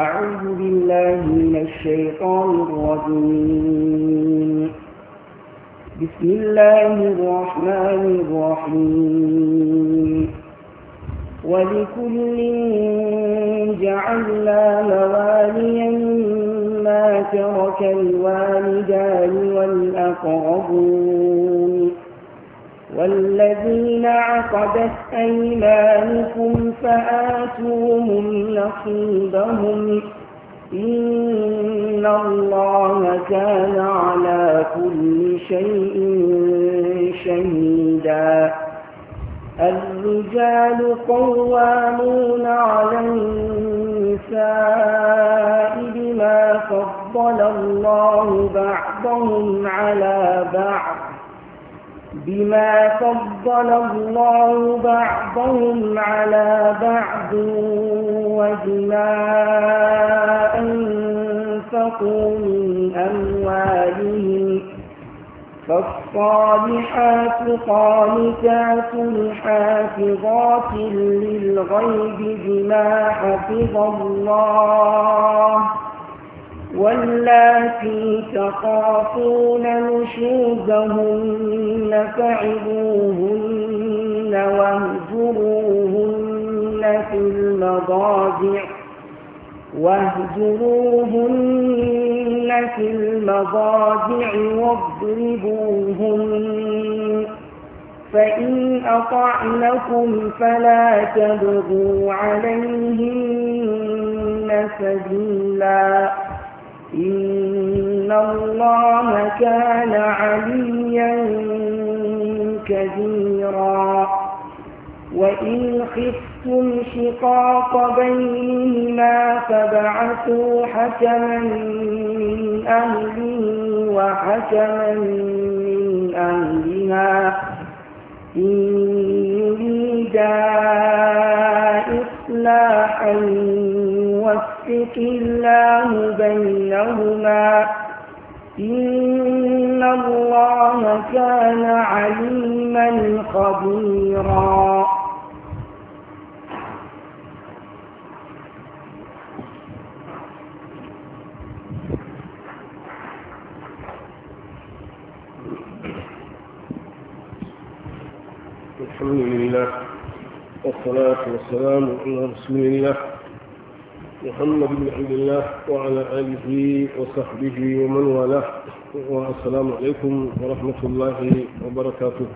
أعوذ بالله من الشيطان الرجيم بسم الله الرحمن الرحيم ولكل جعلنا مواليا مما ترك الوالدان والأقربون والذين عقدت أيمانكم فآتوهم نصيبهم إن الله كان على كل شيء شهيدا الرجال قوامون على النساء بما فضل الله بعضهم على بعض بما فضل الله بعضهم على بعض وبما أنفقوا من أموالهم فالصالحات قانتات حافظات للغيب بما حفظ الله واللاتي تخافون نشوزهن فعبوهن واهجروهن في المضاجع واهجروهن في المضاجع واضربوهن فإن أطعنكم فلا تبغوا عليهن سبيلا إن الله كان عليا كبيرا وإن خفتم شقاق بينهما فبعثوا حكما من أهله وحكما من أهلها إن يريدا إصلاحا يوفق الله بينهما إن الله كان عليما خبيرا الحمد لله والصلاة والسلام على رسول الله محمد بن عبد الله وعلى آله وصحبه ومن والاه والسلام عليكم ورحمة الله وبركاته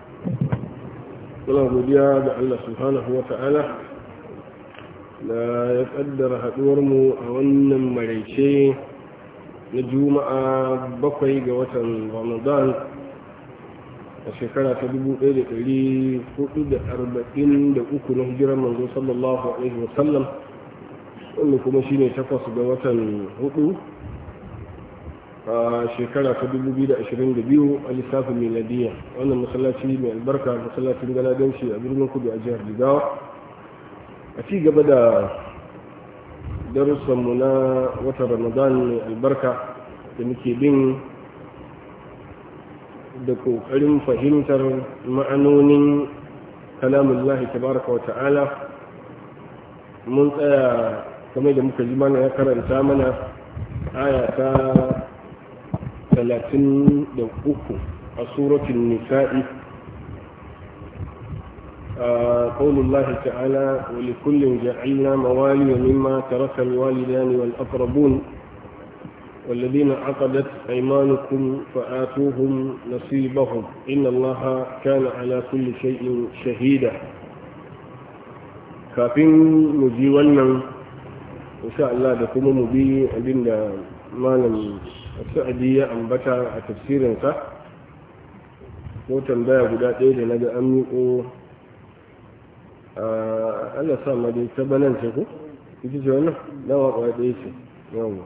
ولا بديا الله سبحانه وتعالى لا يقدر هدورم أولا مريشي نجوم بقي جوات رمضان الشكرة تدبو إلي قلي فقد أربعين دقوك صلى الله عليه وسلم wanda kuma shi ne takwas ga watan hudu a shekara ta 2022 a lissafin miladiya wannan masallaci mai albarka masallacin galadanci a birnin kudu a jihar jigawa a ci gaba da darussanmu na watan ramadan mai albarka da muke bin da ƙoƙarin fahimtar ma'anonin kalamun lahi tabaraka wa ta'ala mun tsaya kamar da muka ji mana ya karanta mana aya ta talatin da uku a suratun nisa'i قول الله تعالى ولكل جعلنا موالي مما ترك الوالدان والأقربون والذين عقدت أيمانكم فآتوهم نصيبهم إن الله كان على كل شيء شهيدا كافٍ مجيولنا insha Allah da kuma mu bi abinda malam sa'adi ya ambata a tafsirinsa ko tambaya guda ɗaya da na ga an miƙo Allah sa ma dai ta ce ko ita ce wannan na waƙa ɗaya ce yawa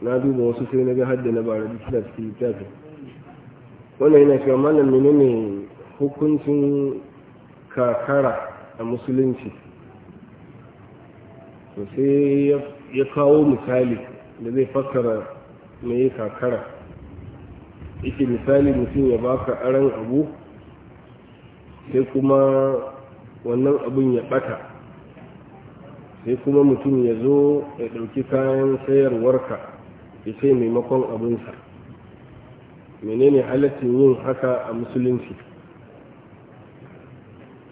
na duba wasu sai na ga hadda na bara duk suna cikin littafin wannan yana cewa malam menene hukuncin kakara a musulunci to sai ya kawo misali da zai fassara mai kakara yake misali mutum ya baka aran abu sai kuma wannan abun ya bata sai kuma mutum ya zo ya ɗauki kayan sayarwarka ya ce maimakon abinsa menene halittin yin haka a musulunci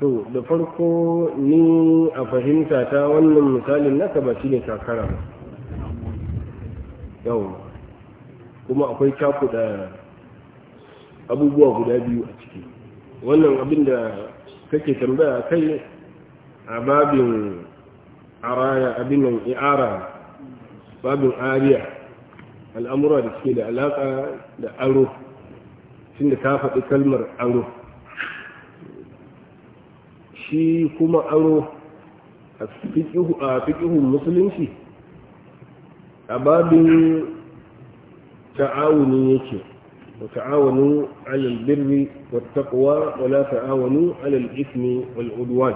to da farko ni a fahimta ta wannan misalin naka ba shi ne shakara yau kuma akwai da abubuwa guda biyu a ciki wannan abin da kake tambaya kai a babin araya abin nan i'ara babin ariya al'amura da suke da alaƙa da aro tun da ta faɗi kalmar aro shi kuma aro a fiƙihun musulunci a babin ta'awuni yake wa ta'awunin alal birri wa taqwa wa la ta'awunu alal ismi wal udwan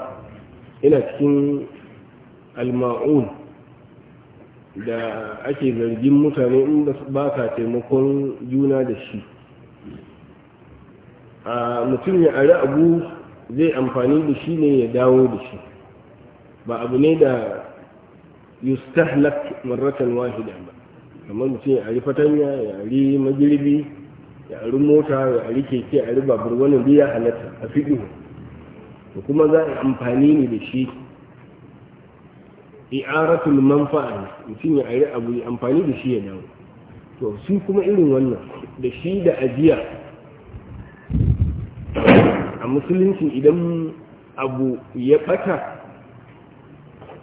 ina cikin alma'un da ake zargin mutane in ba ka taimakon juna da shi a mutum ya ari abu zai amfani da shi ne ya dawo da shi ba abu ne da yustahlak marratan wahida ba amma mutum ya ari fatanya ya ari magirbi ya ari mota ya ari keke ya ari babur wani biya halatta a fiɗi da kuma za a amfani ne da shi i'aratul manfa'a mutum ya ari abu ya amfani da shi ya dawo to su kuma irin wannan da shi da ajiya musulunci idan abu ya ɓata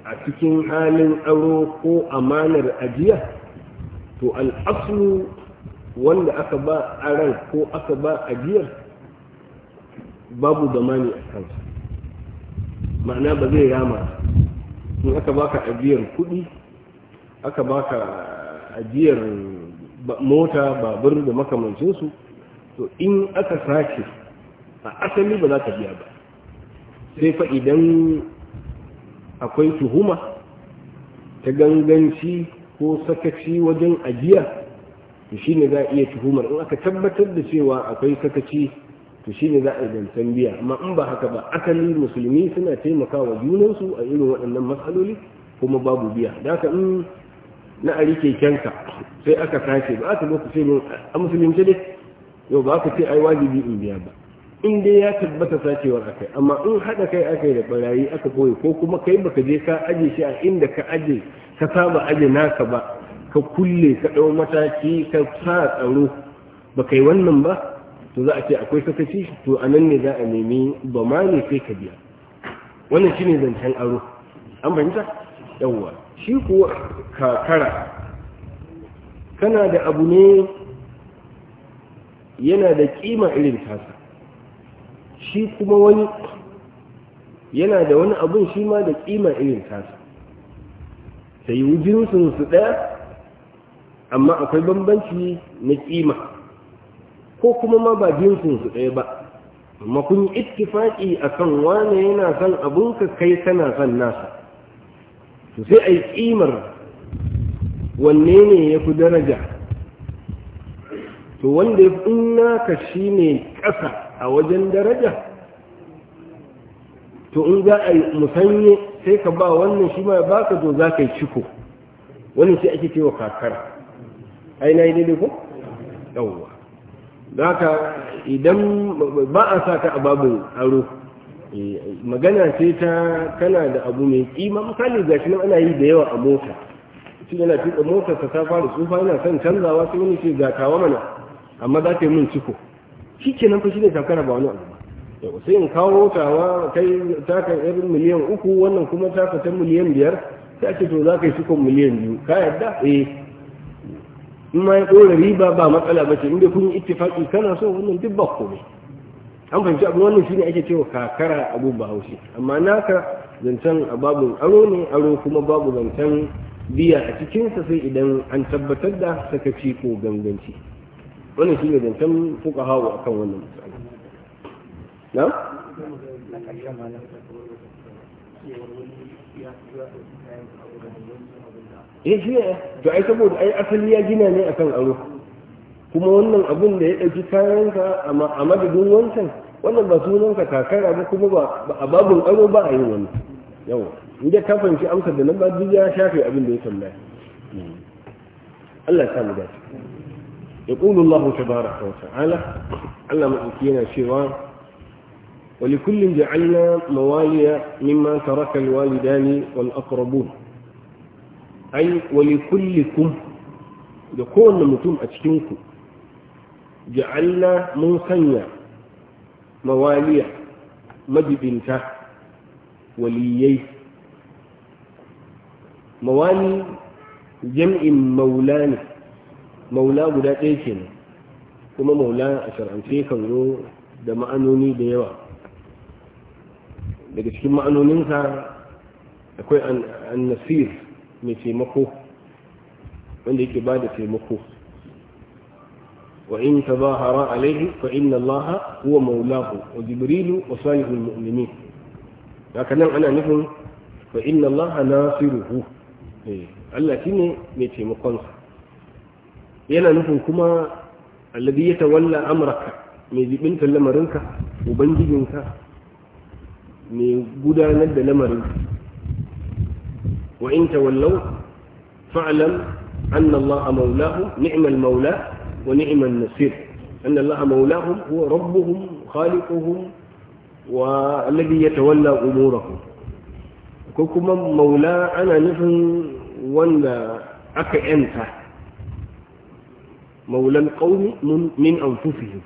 a cikin halin aro ko amanar ajiya to al'aslu wanda aka ba aran ko aka ba ajiyar babu zamani a kan, ma'ana ba zai rama in aka baka ajiyar kuɗi aka baka ajiyar mota babur da makamancinsu to in aka sace a asali ba za ka biya ba sai fa idan akwai tuhuma ta ganganci ko sakaci wajen ajiya to shi ne za a iya tuhumar in aka tabbatar da cewa akwai sakaci to shi ne za a zancen biya amma in ba haka ba asali musulmi suna taimakawa junansu a irin waɗannan matsaloli kuma babu biya da haka in na ari kekenka sai aka sace ba a ta ku ce min a musulunci dai yau ba ka ce ai wajibi in biya ba in dai ya tabbata sacewar akai amma in haɗa kai akai da barayi aka koyi ko kuma kai baka je ka aje shi a inda ka aje ka saba aje naka ba ka kulle ka ɗau mataki ka sa tsaro ba kai wannan ba to za a ce akwai sakaci to a nan ne za a nemi ba ma ne sai ka biya wannan shine zancen aro an fahimta yawwa shi kuwa kakara kana da abu ne yana da kima irin tasa shi kuma wani yana da wani abun shi ma da kima irin tasa sai yi jinsin su ɗaya amma akwai bambanci na kima ko kuma ma ba jinsin su ɗaya ba amma kun yi a kan wane yana son ka kai kana son nasa su sai a yi kimar wanne ne ya fi daraja to wanda ya fi naka ƙasa a wajen daraja to in za a musanye sai ka ba wannan shi ma ba ka zo za ka yi ciko wani sai ake cewa kakara ai na yi daidai ko yawwa za ka idan ba a sa ka a babin aro magana sai ta kana da abu mai kima misali ga shi nan ana yi da yawa a mota shi yana tuka motarsa ta fara tsufa yana son canzawa sai wani ce ga kawo mana amma za ta yi min ciko shi ke nan fashi ne tamkana ba wani abu ba sai in kawo tawa kai taka irin miliyan uku wannan kuma taka ta miliyan biyar sai ake to za ka yi sukon miliyan biyu ka yadda eh in ma ya ɗora riba ba matsala ba ce inda kun yi ittifaki kana so wannan duk ba komai an fahimci abu wannan shine ake cewa kakara abu ba haushi amma naka zancen babu aro ne aro kuma babu zancen biya a cikinsa sai idan an tabbatar da sakaci ko ganganci wannan shi ne zancen fuka hawa a kan wannan misali na? eh shi ne to ai saboda ai asali ya gina ne akan aro kuma wannan abin da ya ɗauki kayanka a madadin wancan wannan ba sunanka kakara ba kuma ba a babin aro ba a yin wani yawa inda da ka fahimci amsar da nan ba duk ya shafe abin da ya tambaya hmm. Allah ya samu dace يقول الله تبارك وتعالى علم أكينا شوى ولكل جعلنا مواليا مما ترك الوالدان والأقربون أي ولكلكم لكون متم أتشتنكم جعلنا مواليا مجد مجبنتا وليي موالي جمع مولاني maula guda ɗaya ke nan kuma maula a shar'ance kan zo da ma'anoni da yawa daga cikin ma'anoninsa akwai an nasir mai taimako wanda yake ba da taimako وإن تظاهر عليه فإن الله هو مولاه وجبريل وصالح المؤمنين لكن أنا نفهم فإن الله ناصره الله كني ميتي مقنصر yana nufin kuma alladhi yatawalla amraka me mai jibinta lamarinka ubangijinka me gudanar da lamarin wa in tawallaw fa'lam anna allaha mawlahu ni'mal mawla wa ni'mal nasir anna allaha mawlahum huwa rabbuhum khaliquhum wa alladhi yatawalla umurahum ko kuma maula ana nufin wanda aka yanta مولى القوم من, من أنفسهم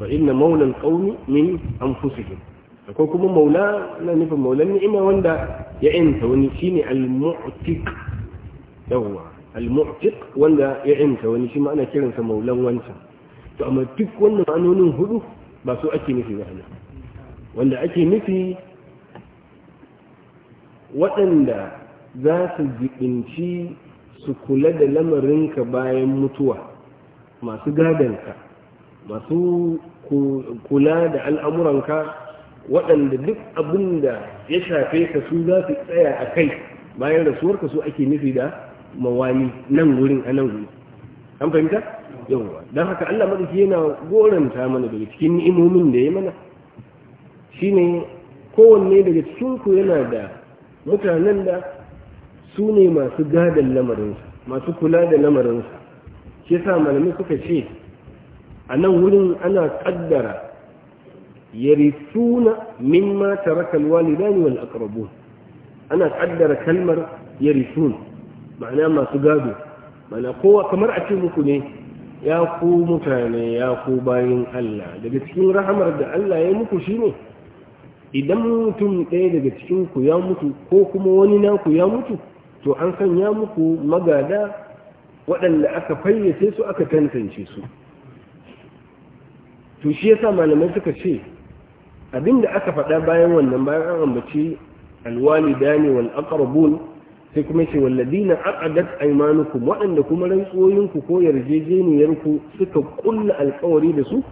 فإن مولى القوم من أنفسهم akwai kuma maula na nufin maulan ni'ima wanda ya yanta wani shine al-mu'tiq yawa al-mu'tiq wanda ya yanta wani shi ana kiransa maulan wancan to amma duk wannan ma'anonin hudu ba su ake nufi ba ana wanda ake nufi waɗanda za su jibinci su kula da lamarinka bayan mutuwa masu gadanka masu kula da al'amuranka waɗanda duk abin da ya shafe ka su za su tsaya a kai bayan rasuwarka su ake nufi da mawani nan wurin a nan wurin an fahimta yawwa don haka allah madaki yana goranta mana daga cikin ni'imomin da ya mana shine kowanne daga cikin ku yana da mutanen da su ne masu gadon lamarinsu masu kula da lamarinsu shi sa malami suka ce a nan wurin ana kaddara yarisuna mimma da alwalidani wal aqrabun ana kaddara kalmar yarisun ma'ana masu gado mana kowa kamar a ce muku ne ya ku mutane ya ku bayin Allah daga cikin rahamar da Allah ya muku shine idan mutum ɗaya daga cikin ku ya mutu ko kuma wani naku ya mutu to an sanya muku magada waɗanda aka fayyace su aka tantance su to shi yasa malamai suka ce abin da aka faɗa bayan wannan bayan an ambaci dani wal aqrabun sai kuma ce walladina aqadat aymanukum waɗanda kuma rantsoyinku ko yarjejeniyarku suka kulla alƙawari da su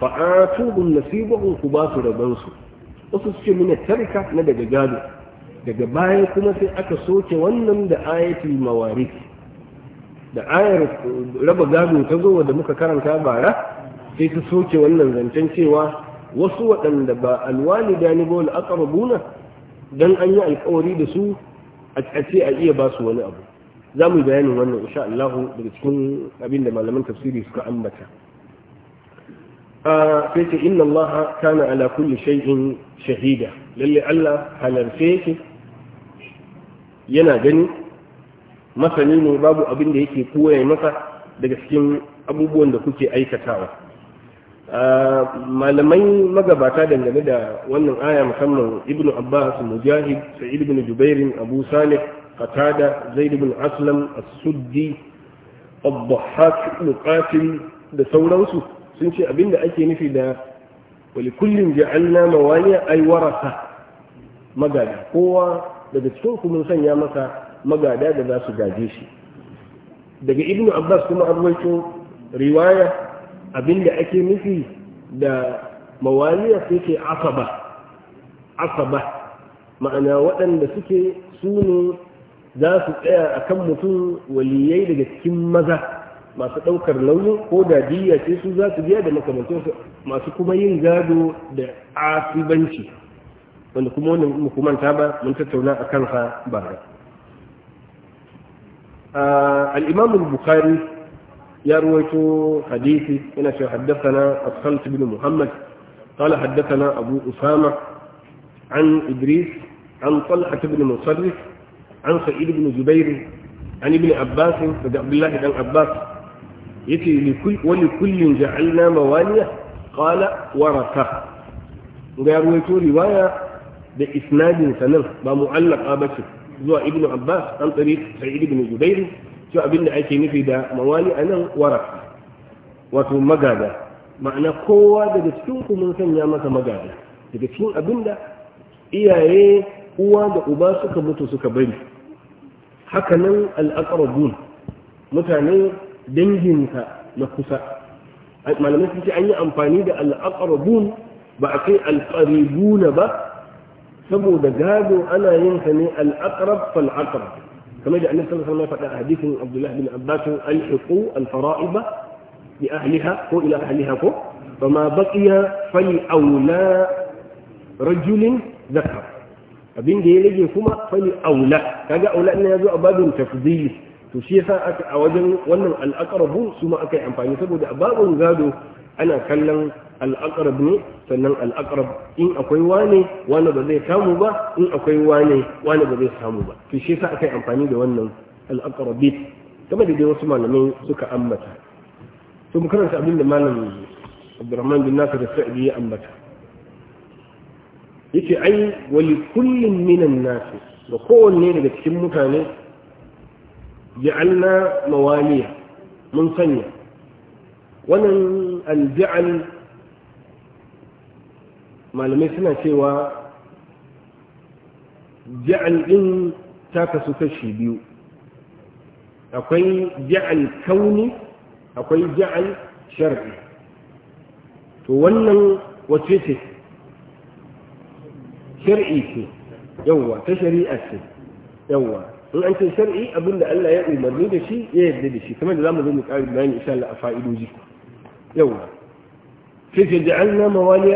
fa'atuhum nasibahum ku ba su rabansu wasu suke mina tarika na daga gado daga baya kuma sai aka soke wannan da ayatul mawarith da ayar raba gado ta zo da muka karanta bara sai ta soke wannan zancen cewa wasu waɗanda ba alwalida ne ba wal aqrabuna dan an yi alƙawari da su a ce a iya ba su wani abu za mu yi bayanin wannan insha Allah daga cikin abin da malaman tafsiri suka ambata sai ce inna Allah kana ala kulli shay'in shahida lalle Allah halarce yake yana gani masani ne babu abin da yake koya masa daga cikin abubuwan da kuke aikatawa malamai magabata dangane da wannan aya musamman ibnu abbas mujahid sa'id ibn jubairin abu salih qatada zaid ibn aslam as-suddi ad-dhahhak ibn qasim da sauransu sun ce abinda ake nufi da wali kullum ja'alna mawaliya ay warasa magana kowa daga cikin ku mun sanya masa magada da za su gaje shi daga ibnu abbas kuma an riwaya abinda ake nufi da mawaliya sai ke asaba asaba ma'ana waɗanda suke su ne za su tsaya a kan mutum waliyai daga cikin maza masu ɗaukar nauyi ko da diya ce su zasu su biya da makamantansu masu kuma yin gado da asibanci الإمام البخاري يروي حديث هنا حدثنا أدخلت بن محمد قال حدثنا أبو أسامة عن إدريس عن طلحة بن مصرف عن سعيد بن جبير عن ابن عباس عبد الله بن عباس يتي لكل ولكل جعلنا موانية قال ورثة ويروي رواية da isnadin sanan ba mu'allaka ba ce zuwa ibn abbas an tsari sai ibn jubair cewa abinda ake nufi da mawali anan wara wato magada ma'ana kowa daga cikin ku mun sanya masa magada daga cikin abinda iyaye uwa da uba suka mutu suka bari hakanan al'aqrabun mutane danginka na kusa malamai sun ce an yi amfani da al'aqrabun ba a kai al'aribuna ba saboda gado ana yin sa ne al-aqrab fal aqrab kamar da annabi sallallahu alaihi wasallam ya faɗa hadisin Abdullah bin Abbas al-hiqu al-fara'iba bi ahliha ko ila ahliha ko fama baqiya fal aula rajulin zakar abin da ya rage kuma fal aula kaga aula ne yazo a babin tafdil to shi yasa aka a wajen wannan al'aqrabu su ma aka yi amfani saboda babun gado ana kallon al'aqrab ne sannan al'aqrab in akwai wane wane ba zai samu ba in akwai wane wane ba zai samu ba to shi yasa aka yi amfani da wannan al'aqrabit kuma da dai wasu malamai suka ambata to mu karanta abin da malam Abdurrahman bin Nasir Sa'di ya ambata yace ai wali kullin minan nas da kowanne daga cikin mutane ja'alna mawaliya mun sanya wannan alja'al malamai suna cewa ja'al ɗin ta kasu kashi biyu akwai ja'al kauni akwai ja'al shar'i to wannan wace ce shar'i ce yawwa ta shari'a ce يوا إن أنت شرعي أبدا ألا يأوي مرنيد شيء يهدد شيء كما إذا لم يكن أعيد بأن إن شاء الله أفائد وزيك يوا كيف جعلنا موالي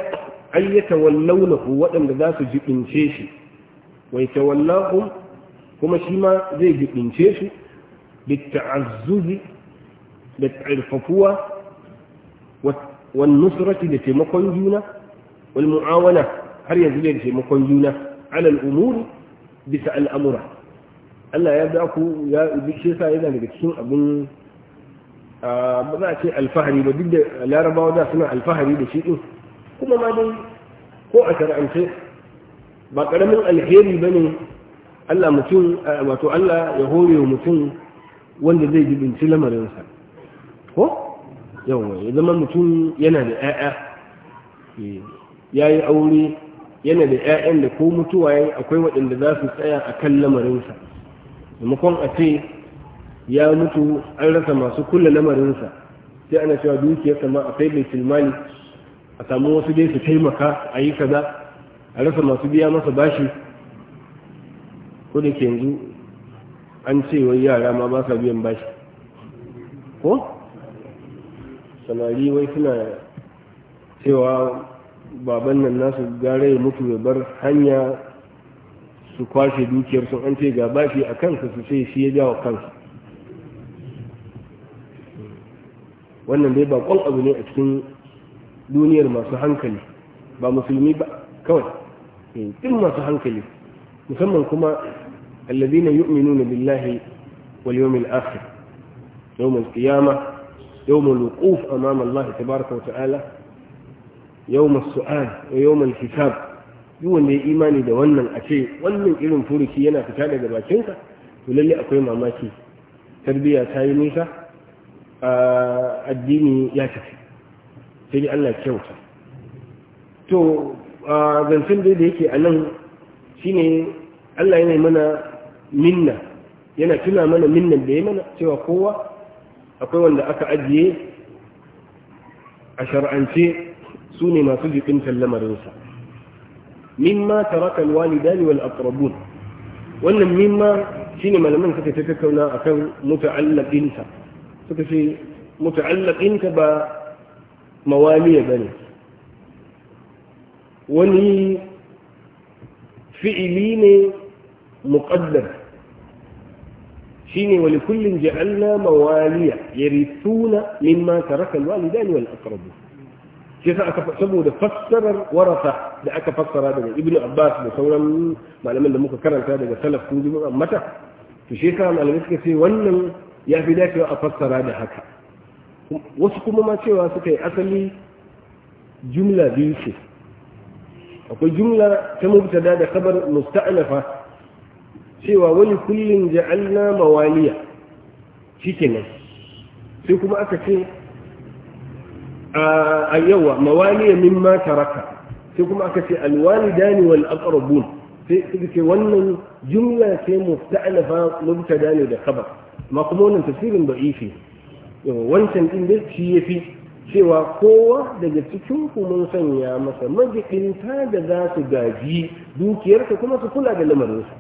أن يتولونه وأن ذات جئن شيشي ويتولاهم هما شما ذي جئن شيشي بالتعزز بالعرفقوة والنصرة التي مقنجونا والمعاونة هل يزيد شيء مقنجونا على الأمور بسأل أمره Allah ya ba ku ya shi sa yana daga cikin abin ba za a ce alfahari ba duk da larabawa da suna alfahari da shi din kuma ma dai ko a shar'ance ba karamin alheri ba ne Allah mutum wato Allah ya hore wa mutum wanda zai jibinci lamarinsa ko yawa ya zama mutum yana da 'ya'ya eh, ya yi aure yana da 'ya'yan da ko mutuwa akwai waɗanda za su tsaya a kan lamarinsa maimakon a ce ya mutu an rasa masu kulle lamarinsa sai ana cewa dukiyarsa sama a kai baitul a samu wasu dai su taimaka a yi kaza a rasa masu biya masa bashi ko da ke yanzu an ce wai yara ma ba sa biyan bashi ko samari wai suna cewa baban nan nasu gare ya mutu ya bar hanya su kwashe dukiyar su an ce ga bashi a kansa su sai shi ya jawo kansa wannan dai ba kwal abu ne a cikin duniyar masu hankali ba musulmi ba kawai tun masu hankali musamman kuma alladina yu'minuna billahi wal yawmil akhir yawmul qiyamah amama الوقوف أمام wa ta'ala وتعالى يوم wa yawmul الحساب duk wanda ya imani da wannan a ce wannan irin furuki yana fita daga bakinka to lalle akwai mamaki tarbiyya ta yi nisa addini ya tafi sai Allah kyauta to zancen dai da yake a nan shine Allah yana mana minna yana tuna mana minnan da ya mana cewa kowa akwai wanda aka ajiye a shar'ance su ne masu jikin tallamarinsa. مما ترك الوالدان والأقربون وأن مما شيني ما لمن كتي تككونا أكن متعلق إنسا في متعلق إنسا با موالية بني وني فعلين مقدر شيني ولكل جعلنا موالية يرثون مما ترك الوالدان والأقربون shi aka saboda fassarar warasa da aka fassara daga ibnu abbas da sauran malaman da muka karanta daga salaf kun ji mata to shi malamai suka ce wannan ya fi dacewa a fassara da haka wasu kuma ma cewa suka yi asali jumla biyu ce akwai jumla ta mubtada da kabar musta'nafa cewa wani kullum ja'alna mawaliya shikenan sai kuma aka ce a yawa mawaliya mimma taraka sai kuma aka ce alwalidani wal aqrabun sai su ce wannan jumla ce musta'nafa mubtada ne da khabar ma kuma wannan tafsirin da'ifi yawa wancan din da shi yafi cewa kowa daga cikin ku mun sanya masa majikinta da za su gaji dukiyarsa kuma su kula da lamarin su,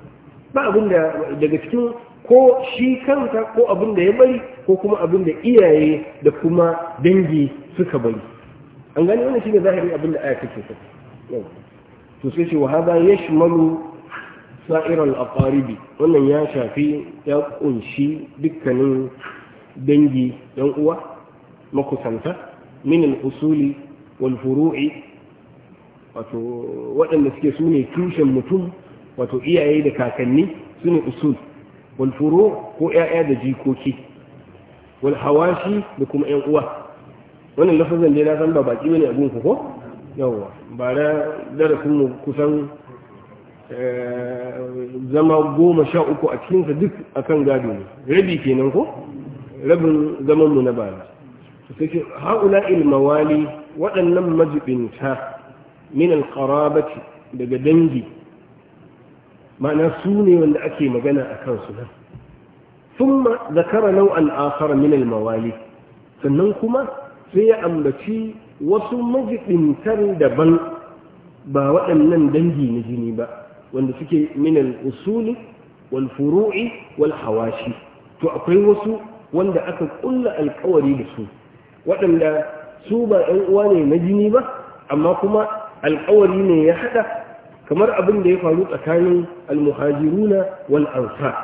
ba abin da daga cikin ko shi kanka ko abin da ya bari ko kuma abin da iyaye da kuma dangi suka bari an gani wannan shine zahiri abin da aya kake so to sai ce wa hada yashmalu sa'ir al-aqaribi wannan ya shafi ya kunshi dukkanin dangi yan uwa makusanta min al-usuli wal furu'i wato waɗanda suke su ne tushen mutum wato iyaye da kakanni su ne usul wal furu ko 'ya'ya da jikoki wal hawashi da kuma 'yan uwa wannan lafazan dai na san ba baki bane abin ku ko yawa ba da darasin mu kusan eh, zama goma sha uku a cikin cikinsa duk akan gado ne rabi kenan ko rabin zaman mu na bala sai haula ilmawali waɗannan majibinta min alqarabati daga dangi ma'ana su ne wanda ake magana a kansu nan thumma zakara nau'an akhar min almawali sannan kuma sai ya ambaci wasu majiɗintar daban ba waɗannan dangi na jini ba wanda suke minal usuli wal furu'i wal hawashi to akwai wasu wanda aka kulla alkawari da su waɗanda su ba ɗan uwa ne na jini ba amma kuma alkawari ne ya haɗa kamar abin da ya faru tsakanin almuhajiruna wal ansar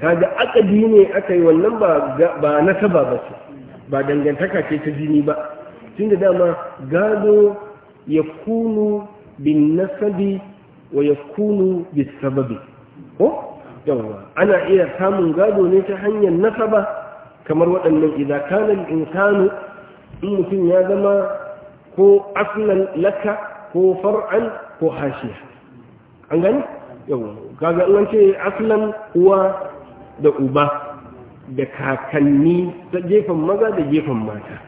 kaga akadi ne aka yi wannan ba ba nasaba ba ce ba dangantaka ce ta jini ba tun da dama gado ya kunu bin nasabi wa ya kunu bin sababi ko yawon ana iya samun gado ne ta hanyar nasaba kamar waɗannan idan in insanu in mutum ya zama ko aslan laka ko far'an ko hashiya an gani yawa kaga an ce aslan uwa da uba da kakanni ta gefen maza da gefen mata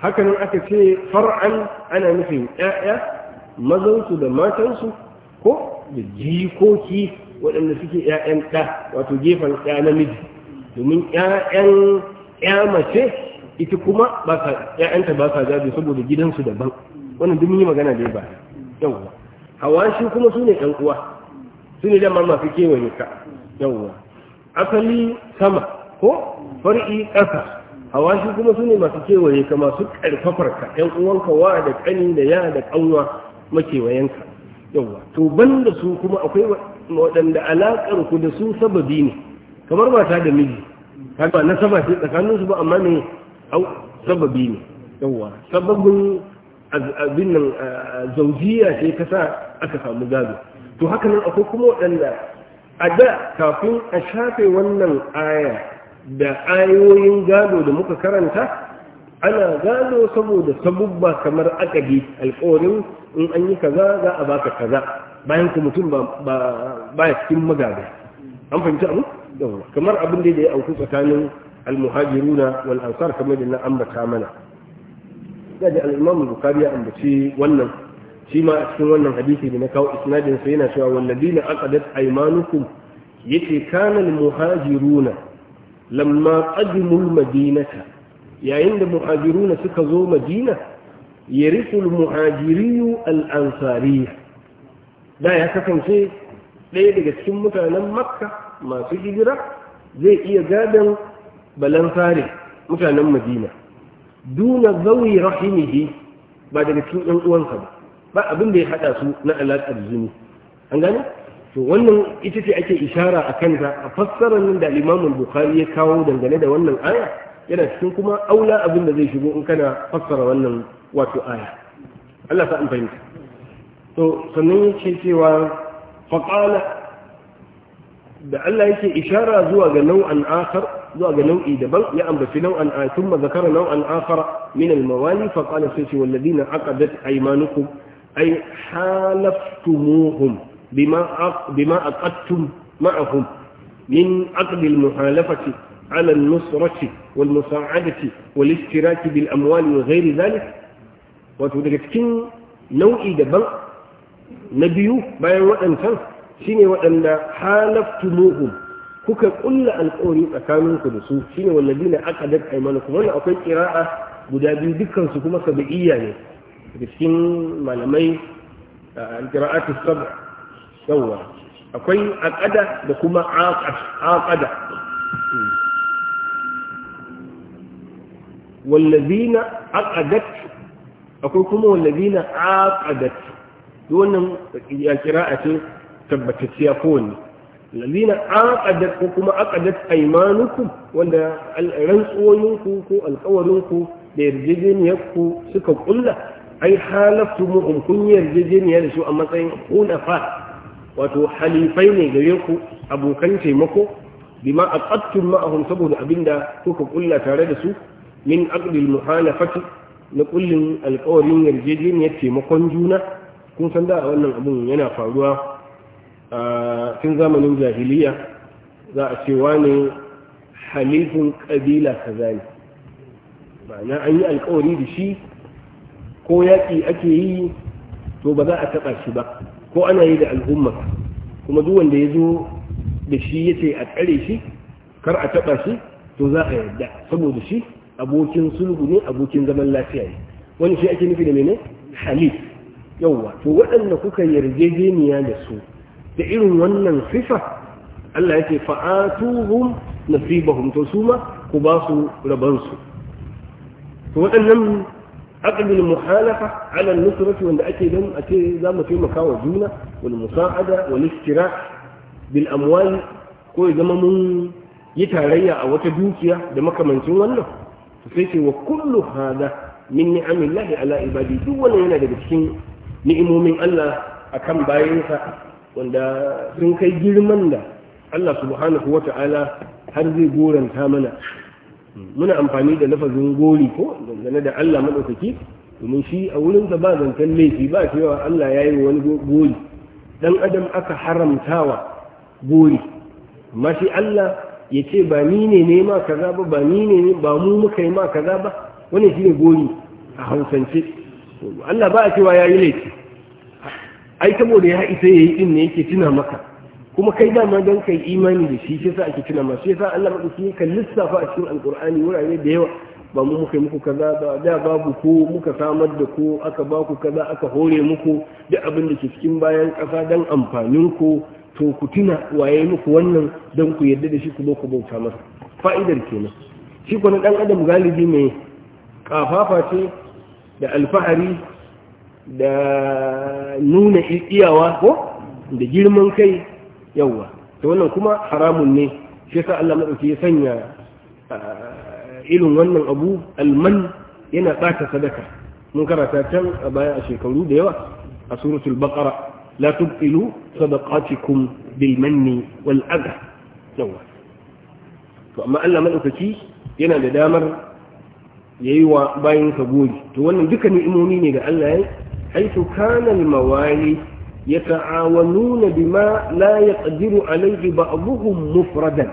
hakanan aka ce far'an ana nufin ƴaƴa mazansu da matansu ko da jikoki waɗanda suke ƴaƴan ɗa wato gefen ɗa namiji domin ƴaƴan ƴa mace ita kuma ba ƴaƴanta ba sa gado saboda gidansu daban wannan duk mun yi magana da ba yawwa shi kuma su ne ɗan uwa su ne dama masu kewaye ka yawwa asali sama ko far'i ƙasa hawa shi kuma su ne masu kewaye ka masu ƙarfafarka ‘yan uwanka wa da ƙani da ya da ƙanwa makewayenka yawa to ban da su kuma akwai waɗanda alaƙar ku da su sababi ne kamar mata da miji kaga na saba ce tsakanin su ba amma ne au sababi ne yawa sababin abin nan zaujiya ce ta sa aka samu gado to haka nan akwai kuma waɗanda a da kafin a shafe wannan aya da ayoyin gado da muka karanta ana gado saboda sabubba kamar akadi alƙawarin in an yi kaza za a baka kaza bayan ku mutum ba ya cikin magada an fahimci abu kamar abin da ya auku tsakanin almuhajiruna wal ansar kamar da na ambata mana da da al-imam bukhari ya ambaci wannan shi ma a cikin wannan hadisi da na kawo isnadin sa yana cewa walladina aqadat aymanukum yace kana almuhajiruna muhajiruna lamma qadimul madinata yayin da muhajiruna suka zo madina yariful muhajiriyu al da ya kasance ɗaya daga cikin mutanen makka masu hijira zai iya gadon balansari mutanen madina duna zawi rahimihi ba daga cikin ɗan uwansa ba ba abin da ya haɗa su na alaƙar zuni an gane to wannan ita ce ake ishara a kanta a fassarar nan da Imam Bukhari ya kawo dangane da wannan aya yana cikin kuma aula abin da zai shigo in kana fassara wannan wato aya Allah ta amfani to sannan ce cewa faqala da Allah yake ishara zuwa ga nau'an akhar zuwa ga nau'i daban ya ambaci nau'an a thumma zakara nau'an akhar min al-mawali fa qala sayyidi walladhina aqadat aymanukum ay halaftumuhum بما أقدتم معهم من عقد المحالفة على النصرة والمساعدة والاشتراك بالأموال وغير ذلك وتدركتين نوعي دبن نبيو باين وأن كان شيني وأن حالفتموهم kuka ƙulla alƙawari tsakaninku da su shine wallabi na aqadat aymanukum wannan akwai qira'a guda biyu dukkan su kuma sab'iyya ne daga cikin malamai al yawwa akwai aqada da kuma aqada wallazina aqadat akwai kuma wallazina aqadat wannan ya kira'a ce tabbatacciya kowanne lalina aqadat ko kuma aqadat aymanukum wanda rantsuwoyinku ko alƙawarinku da yarjejeniyarku suka kulla ai halaftu mu'um kun yarjejeniya da su a matsayin hunafa wato halifai ne gare ku abokan taimako bima aqattum ma'ahum saboda abinda kuka kulla tare da su min aqdil muhalafati na kullin alƙawarin yarjejeniyar taimakon juna kun san da a wannan abun yana faruwa a tun zamanin jahiliya za a ce wane halifin ƙabila kaza ne ma'ana an yi alƙawari da shi ko yaƙi ake yi to ba za a taɓa shi ba ko ana yi da al'umma kuma duk wanda ya zo da shi ya ce a tsare shi kar a taɓa shi to za a yarda saboda shi abokin sulhu ne abokin zaman lafiya ne wani shi ake nufi da mene halif yawwa to waɗanda kuka yarjejeniya da su da irin wannan sifa Allah ya ce fa'atuhum nasibahum to su ma ku ba su rabansu to waɗannan aqdul muhalafa ala nusrati wanda ake dan a ce za mu taimaka wa juna wal musa'ada wal istira bil amwal ko zama mun yi tarayya a wata dukiya da makamancin wannan to sai ce wa kullu hada min ni'amillahi ala ibadi duk wannan yana daga cikin ni'imomin Allah akan bayansa wanda sun kai girman da Allah subhanahu wata'ala har zai goranta mana muna amfani da lafazin gori ko dangane da Allah madaukaki domin shi a wurin sa ba zancen laifi ba cewa Allah ya yi wani gori dan adam aka haramtawa gori amma shi Allah ya ce ba ni ne ne ma kaza ba ba ni ne ne ba mu muka yi ma kaza ba wannan shine gori a hausance Allah ba a cewa ya yi laifi ai saboda ya isa yayi din ne yake tuna maka kuma kai dama don kai imani da shi shi sa ake tuna masu yasa Allah madauki ka lissafa a cikin alkur'ani wurare da yawa ba mu muka yi muku kaza ba da babu ko muka samar da ko aka ba ku kaza aka hore muku da abin da ke cikin bayan kasa don amfanin ku to ku tuna waye muku wannan don ku yarda da shi ku zo ku bauta masa fa'idar kenan shi ko dan adam galibi mai kafafa ce da alfahari da nuna iyawa ko da girman kai yawwa to wannan kuma haramun ne shi yasa Allah madauki ya sanya irin wannan abu alman yana tsaka sadaka mun karata can a baya a shekaru da yawa a suratul baqara la tubtilu sadaqatikum bil manni wal adha yawwa to amma Allah madaukaki yana da damar yayi wa bayin ka gori to wannan duka ni'imomi ne da Allah ya haitu kana al mawali yata'awanuna bima la yaqdiru alayhi ba'dhum mufradan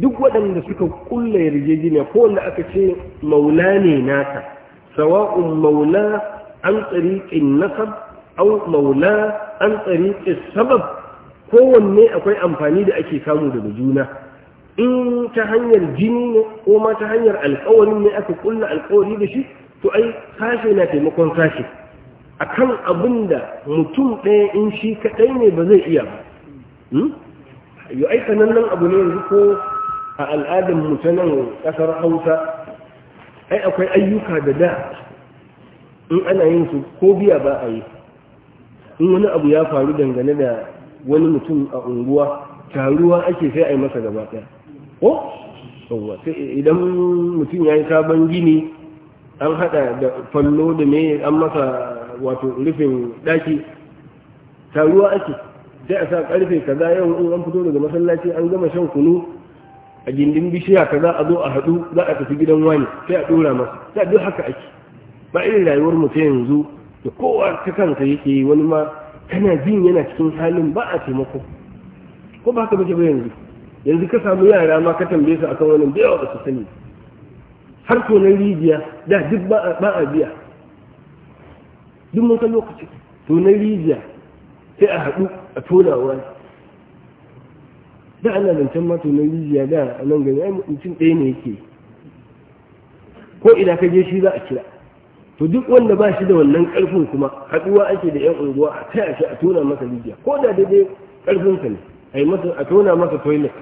duk waɗanda suka kulla yarjejeniya ko wanda aka ce maula ne naka sawa'un maula an tsariƙin nasab au maula an tsariƙin sabab kowanne akwai amfani da ake samu daga juna in ta hanyar jini ne ko ma ta hanyar alƙawarin ne aka kulla alkawari da shi to ai sashe na taimakon sashe akan abin da mutum ɗaya in shi kaɗai ne ba zai iya ba hmm? yi aika nan nan abu ne yanzu ko a al'adar mutanen ƙasar hausa ai akwai ayyuka da da in ana yin su ko biya ba a yi in wani abu ya faru dangane da wani mutum a unguwa taruwa ake sai a yi masa gaba ɗaya ko idan mutum ya yi sabon gini an haɗa da fallo da me an masa wato rufin daki taruwa ake sai a sa karfe kaza yau in an fito daga masallaci an gama shan kunu a gindin bishiya kaza a zo a haɗu za a tafi gidan wani sai a ɗora masa sai duk haka ake ba irin rayuwar mu ta yanzu da kowa ta kanka yake wani ma kana jin yana cikin halin ba a taimako ko ba haka muke ba yanzu yanzu ka samu yara ma ka tambaye su akan wani da yawa ba su sani har tonan rijiya da duk ba a biya duk mun kan lokaci to na rijiya sai a haɗu a tona wani da ana zancen ma to na rijiya da a nan gani ai mutum ɗaya ne yake ko ina ka je shi za a kira to duk wanda ba shi da wannan ƙarfin kuma haɗuwa ake da 'yan unguwa a a shi a tona masa rijiya ko da daidai ƙarfinsa ne a masa a tona masa toilet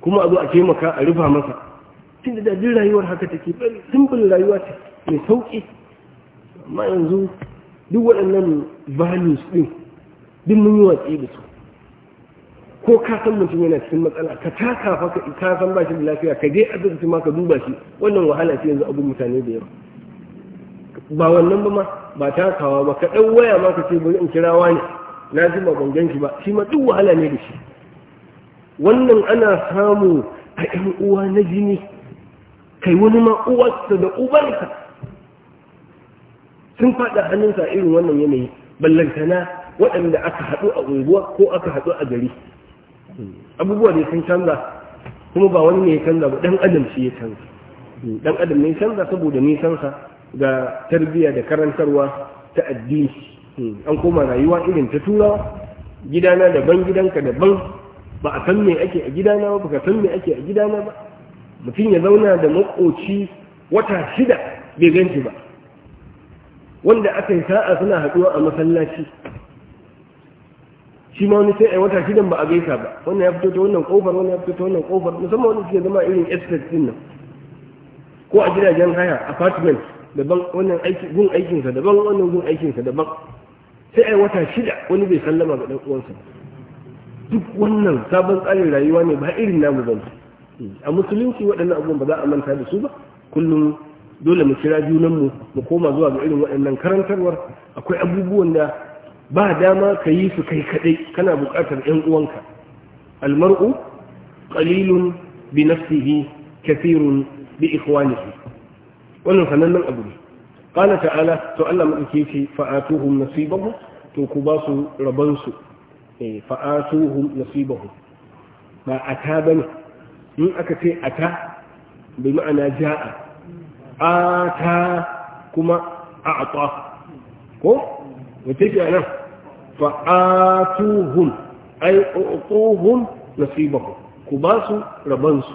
kuma a zo a taimaka a rufa masa tun da jin rayuwar haka take simple rayuwa ce mai sauƙi amma yanzu duk waɗannan values ɗin duk mun yi watsi da su ko ka san mutum yana cikin matsala ka taka fa ka san ba shi da lafiya ka je asibiti ma ka duba shi wannan wahala ce yanzu abin mutane da yawa ba wannan ba ma ba takawa ba ka ɗan waya ma ka ce bari in kirawa ne na ji ba ban shi ba shi ma duk wahala ne da shi wannan ana samu a 'yan uwa na jini kai wani ma uwarsa da ubarka sun faɗa hannunsa irin wannan yanayi ballantana waɗanda aka haɗu a unguwa ko aka haɗu a gari abubuwa ne sun canza kuma ba wani ne ya canza ba ɗan adam shi ya canza ɗan adam ne ya canza saboda nisansa ga tarbiyya da karantarwa ta addini an koma rayuwa irin ta turawa gidana daban gidanka daban ba a san me ake a gidana ba ka san me ake a gidana ba mutum ya zauna da makoci wata shida bai ganci ba wanda aka yi sa'a suna haɗuwa a masallaci shi ma wani sai a wata shidan ba a gaisa ba wannan ya fito ta wannan kofar wannan ya fito ta wannan kofar musamman wani suke zama irin estate din nan ko a gidajen haya apartment daban wannan aiki gun aikinsa daban wannan gun aikinsa daban sai a wata shida wani bai sallama ga dan uwansa duk wannan sabon tsarin rayuwa ne ba irin namu bane a musulunci waɗannan abubuwan ba za a manta da su ba kullum dole mu kira junanmu mu koma zuwa ga irin waɗannan karantarwar akwai abubuwan da ba dama ka yi su kai kaɗai kana buƙatar ‘yan uwanka almar'u ƙalilun bi nafsihi kathirun bi ikhwanihi wannan sanannen abu ne qala ta'ala to Allah madauke shi fa'atuhum nasibahum to ku ba su raban su eh, ba ata bane in aka ce ata bi ma'ana ja'a ata kuma a'ta ko wace ke nan fa atuhum ay utuhum nasibahum ku ba su rabansu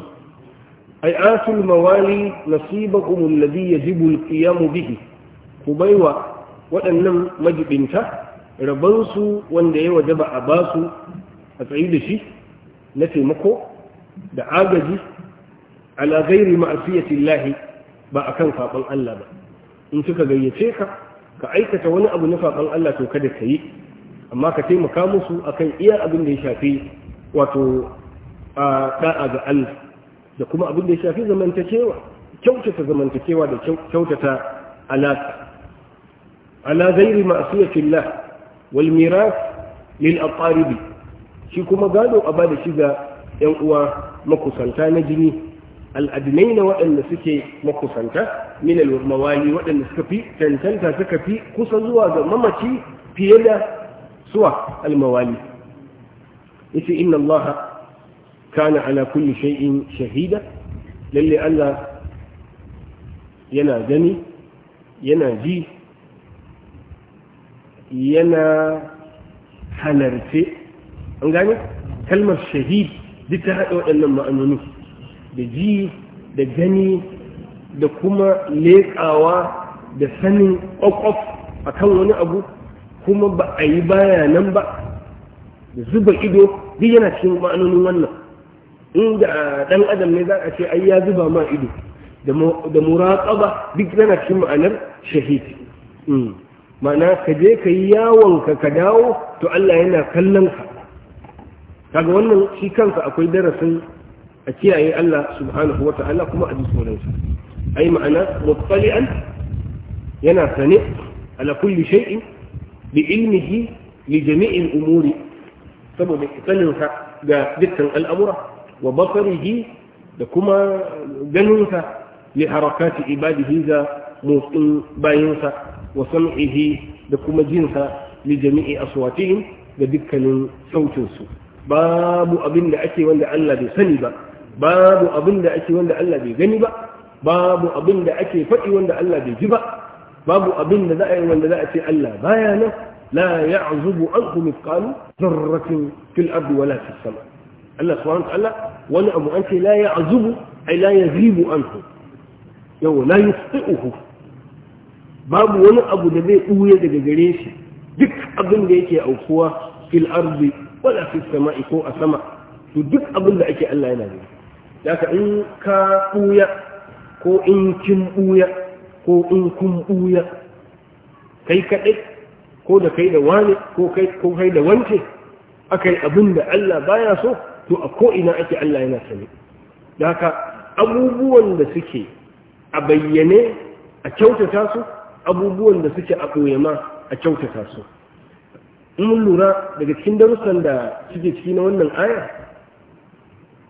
ay atul mawali nasibahum alladhi yajibu alqiyam bihi ku baiwa waɗannan majibinta rabansu wanda ya wajaba a ba su a tsayi da shi na taimako da agaji ala ghairi ma'siyati llahi ba a kan faɓan Allah ba in suka gayyace ka ka aikata wani abu na faɓan Allah to kada ka yi amma ka taimaka musu a kan iya abin da ya shafi wato a ɗa'a ga Allah da kuma abin da ya shafi zamantakewa kyautata zamantakewa da kyautata alaƙa ala masu ma'siyatillah wal miras lil aqaribi shi kuma gado a bada shi ga yan uwa makusanta na jini al'adinai na waɗanda suke makusanta min mawali waɗanda suka fi cancanta suka fi kusa zuwa ga mamaci fiye da suwa almawali mawali yace inna Allah kana ala kulli shay'in shahida lalle Allah yana gani yana ji yana halarce an gane kalmar shahid duk ta haɗa waɗannan ma'anoni da ji da gani da kuma leƙawa da sanin ƙwaƙwaf a kan wani abu kuma ba a yi bayanan ba da zuba ido duk yana cikin ma'anonin wannan inda ɗan adam ne za a ce ai ya zuba ma ido da muraƙaba duk yana cikin ma'anar shahid hmm. ma'ana ka je ka yi ka ka dawo to Allah yana kallon ka kaga wannan shi kansa akwai darasin a kiyaye Allah subhanahu wa ta'ala kuma a ji tsoronsa ai ma'ana mutsali'an yana sane ala kulli shay'in bi ilmihi li umuri saboda saninsa ga dukkan al'amura wa basarihi da kuma ganinsa li harakati ibadihi ga motsin bayansa wa sam'ihi da kuma jinsa li jami'i aswatihim ga dukkanin sautinsu babu abin da ake wanda Allah bai sani ba babu abin da ake wanda Allah bai gani ba babu abin da ake faɗi wanda Allah bai ji ba babu abin da za a yi wanda za a ce Allah baya nan la ya'zubu anhu mithqalu dharratin fil ardi wala fis sama Allah subhanahu wa ta'ala wani abu an ce la ya'zubu ay la yazibu anhu yau la yusqihu babu wani abu da zai ɓuya daga gare shi duk abin da yake aukuwa fil ardi wala fis sama'i ko a sama to duk abin da ake Allah yana gani daga in ka ɓuya ko in kin ɓuya ko in kun ɓuya kai kaɗai ko da kai da wani ko kai da wance aka yi abin da Allah baya so to a ko'ina ake Allah yana sani daga abubuwan da suke a bayyane a kyautata su abubuwan da suke a ɓoye ma a kyautata su in lura daga cikin darussan da suke ciki na wannan aya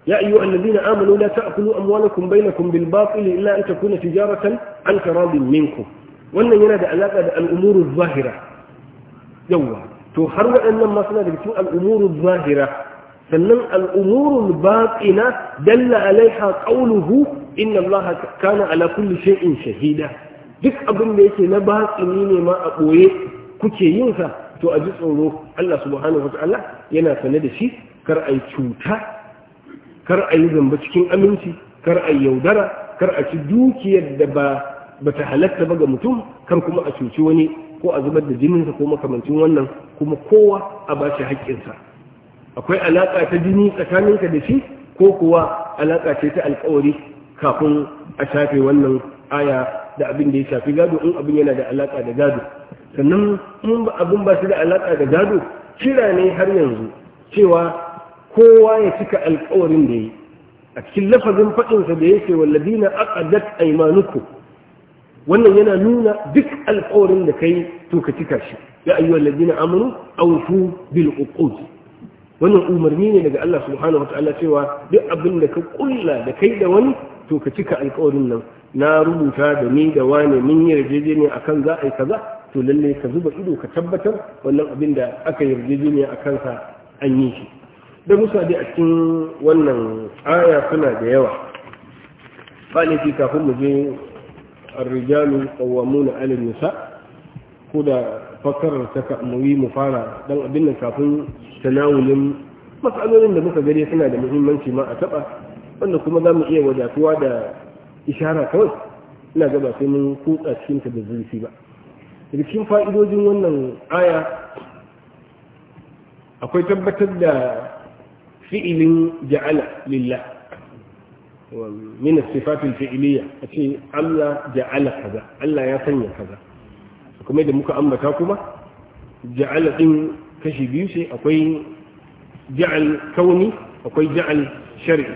Ya يا أيها الذين آمنوا لا تأكلوا أموالكم بينكم بالباطل إلا أن تكون تجارة عن تراض منكم وأن da علاقة الأمور الظاهرة يوه to har waɗannan masu na daga cikin zahira sannan al'umurul baƙina dalla alaiha ƙauluhu inna allaha kana ala kulli shay'in shahida duk abin da yake na baƙini ne ma a ɓoye kuke yin sa to a ji tsoro Allah subhanahu yana sane da shi kar ai cuta kar a yi zamba cikin aminci kar a yaudara kar a ci dukiyar da ba ba ta halatta ba ga mutum kar kuma a cuci wani ko a zubar da jininsa ko makamancin wannan kuma kowa a ba shi haƙƙinsa akwai alaƙa ta jini tsakaninka da shi ko kuwa alaƙa ce ta alƙawari kafin a shafe wannan aya da abin da ya shafi gado in abin yana da alaƙa da gado sannan in abin ba shi da alaƙa da gado kira ne har yanzu cewa kowa ya cika alkawarin da yi a cikin lafazin faɗinsa da yake walladina aqadat aymanukum wannan yana nuna duk alkawarin da kai to ka cika shi ya ayyuhal ladina amanu awfu bil uqud wannan umarni ne daga Allah subhanahu wataala cewa duk abin da ka kulla da kai da wani to ka cika alkawarin nan na rubuta da ni da wane mun yi yarjejeniya akan za a yi kaza to lalle ka zuba ido ka tabbatar wannan abin da aka yarjejeniya akan sa an yi shi da musa dai a cikin wannan aya suna da yawa ba fi kafin mu je الرجال قوامون على النساء كودا mu fara dan abin nan kafin tanawulin matsalolin da muka gari suna da muhimmanci ma a taɓa wanda kuma za mu iya wadatuwa da ishara kawai ina gaba sai mun kutsa cikin ta da zurfi ba cikin fa'idojin wannan aya akwai tabbatar da fi'ilin ja'ala lillah min as-sifat al-fi'liyya ace Allah ja'ala kaza Allah ya sanya kaza kuma da muka ambata kuma ja'ala din kashi biyu sai akwai ja'al kauni akwai ja'al shar'i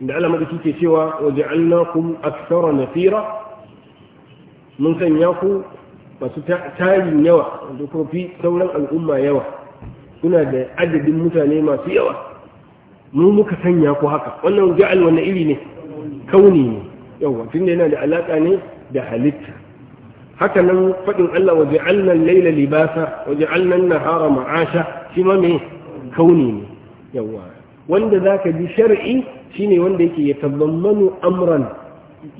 inda Allah maka kike cewa wa ja'alnakum akthara nafira mun sanya ku masu tarin yawa da fi sauran al'umma yawa kuna da adadin mutane masu yawa mu muka sanya ku haka wannan ja'al wani iri ne kauni ne yawa tunda yana da alaka ne da halitta haka nan faɗin Allah waje allan laila libasa waje allan nahara ma'asha shi ma me kauni ne yawa wanda zaka ji shar'i shine wanda yake yatadammanu amran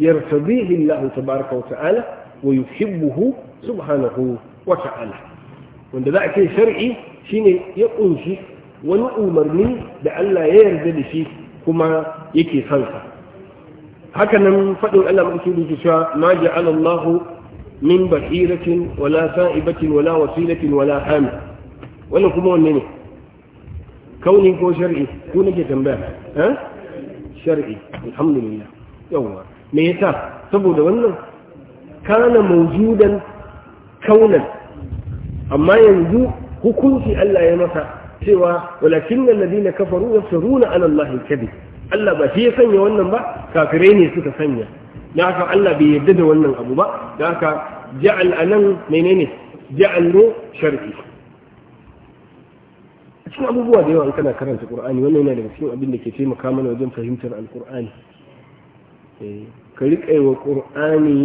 yartadihi Allah tabaraka wa ta'ala wa yuhibbuhu subhanahu wa ta'ala wanda za a ce shar'i shine ya kunshi wani umarni da Allah ya yarda da shi kuma yake son sa haka nan faɗin Allah mai shi cewa ma ja'ala Allahu min bahiratin wala sa'ibatin wala wasilatin wala hami wannan kuma wanne ne kauni ko shar'i ko nake tambaya eh shar'i alhamdulillah yawa me yasa saboda wannan kana mawjudan kaunan amma yanzu hukunci Allah ya masa cewa walakin alladhina kafaru yafsuruna ala Allah kadhib Allah ba shi ya sanya wannan ba kafirai ne suka sanya dan haka Allah bai yarda da wannan abu ba dan haka ja'al anan menene ja'al ne shar'i cikin abubuwa da yawa kana karanta Qur'ani wannan yana daga cikin abin da ke taimaka mana wajen fahimtar Al-Qur'ani ka riƙa wa Qur'ani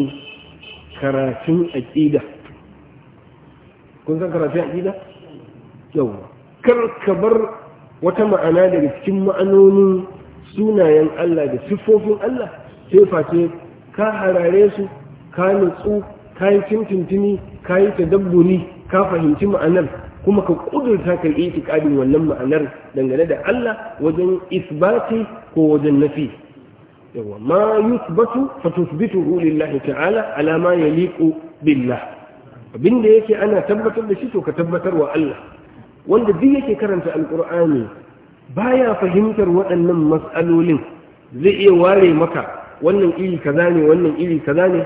karatun aqida kun san karatun aqida yau kar ka bar wata ma'ana daga cikin ma'anonin sunayen Allah da siffofin Allah sai face ka harare su ka nutsu ka yi tintintini ka yi tadabbuni ka fahimci ma'anar kuma ka kudurta ka yi itikadin wannan ma'anar dangane da Allah wajen isbati ko wajen nafi yawa ma yusbatu fa tusbitu lillahi ta'ala ala ma yaliqu billah abinda yake ana tabbatar da shi to ka tabbatar wa Allah wanda duk yake karanta alkur'ani baya fahimtar waɗannan matsalolin zai iya ware maka wannan iri kaza ne wannan iri kaza ne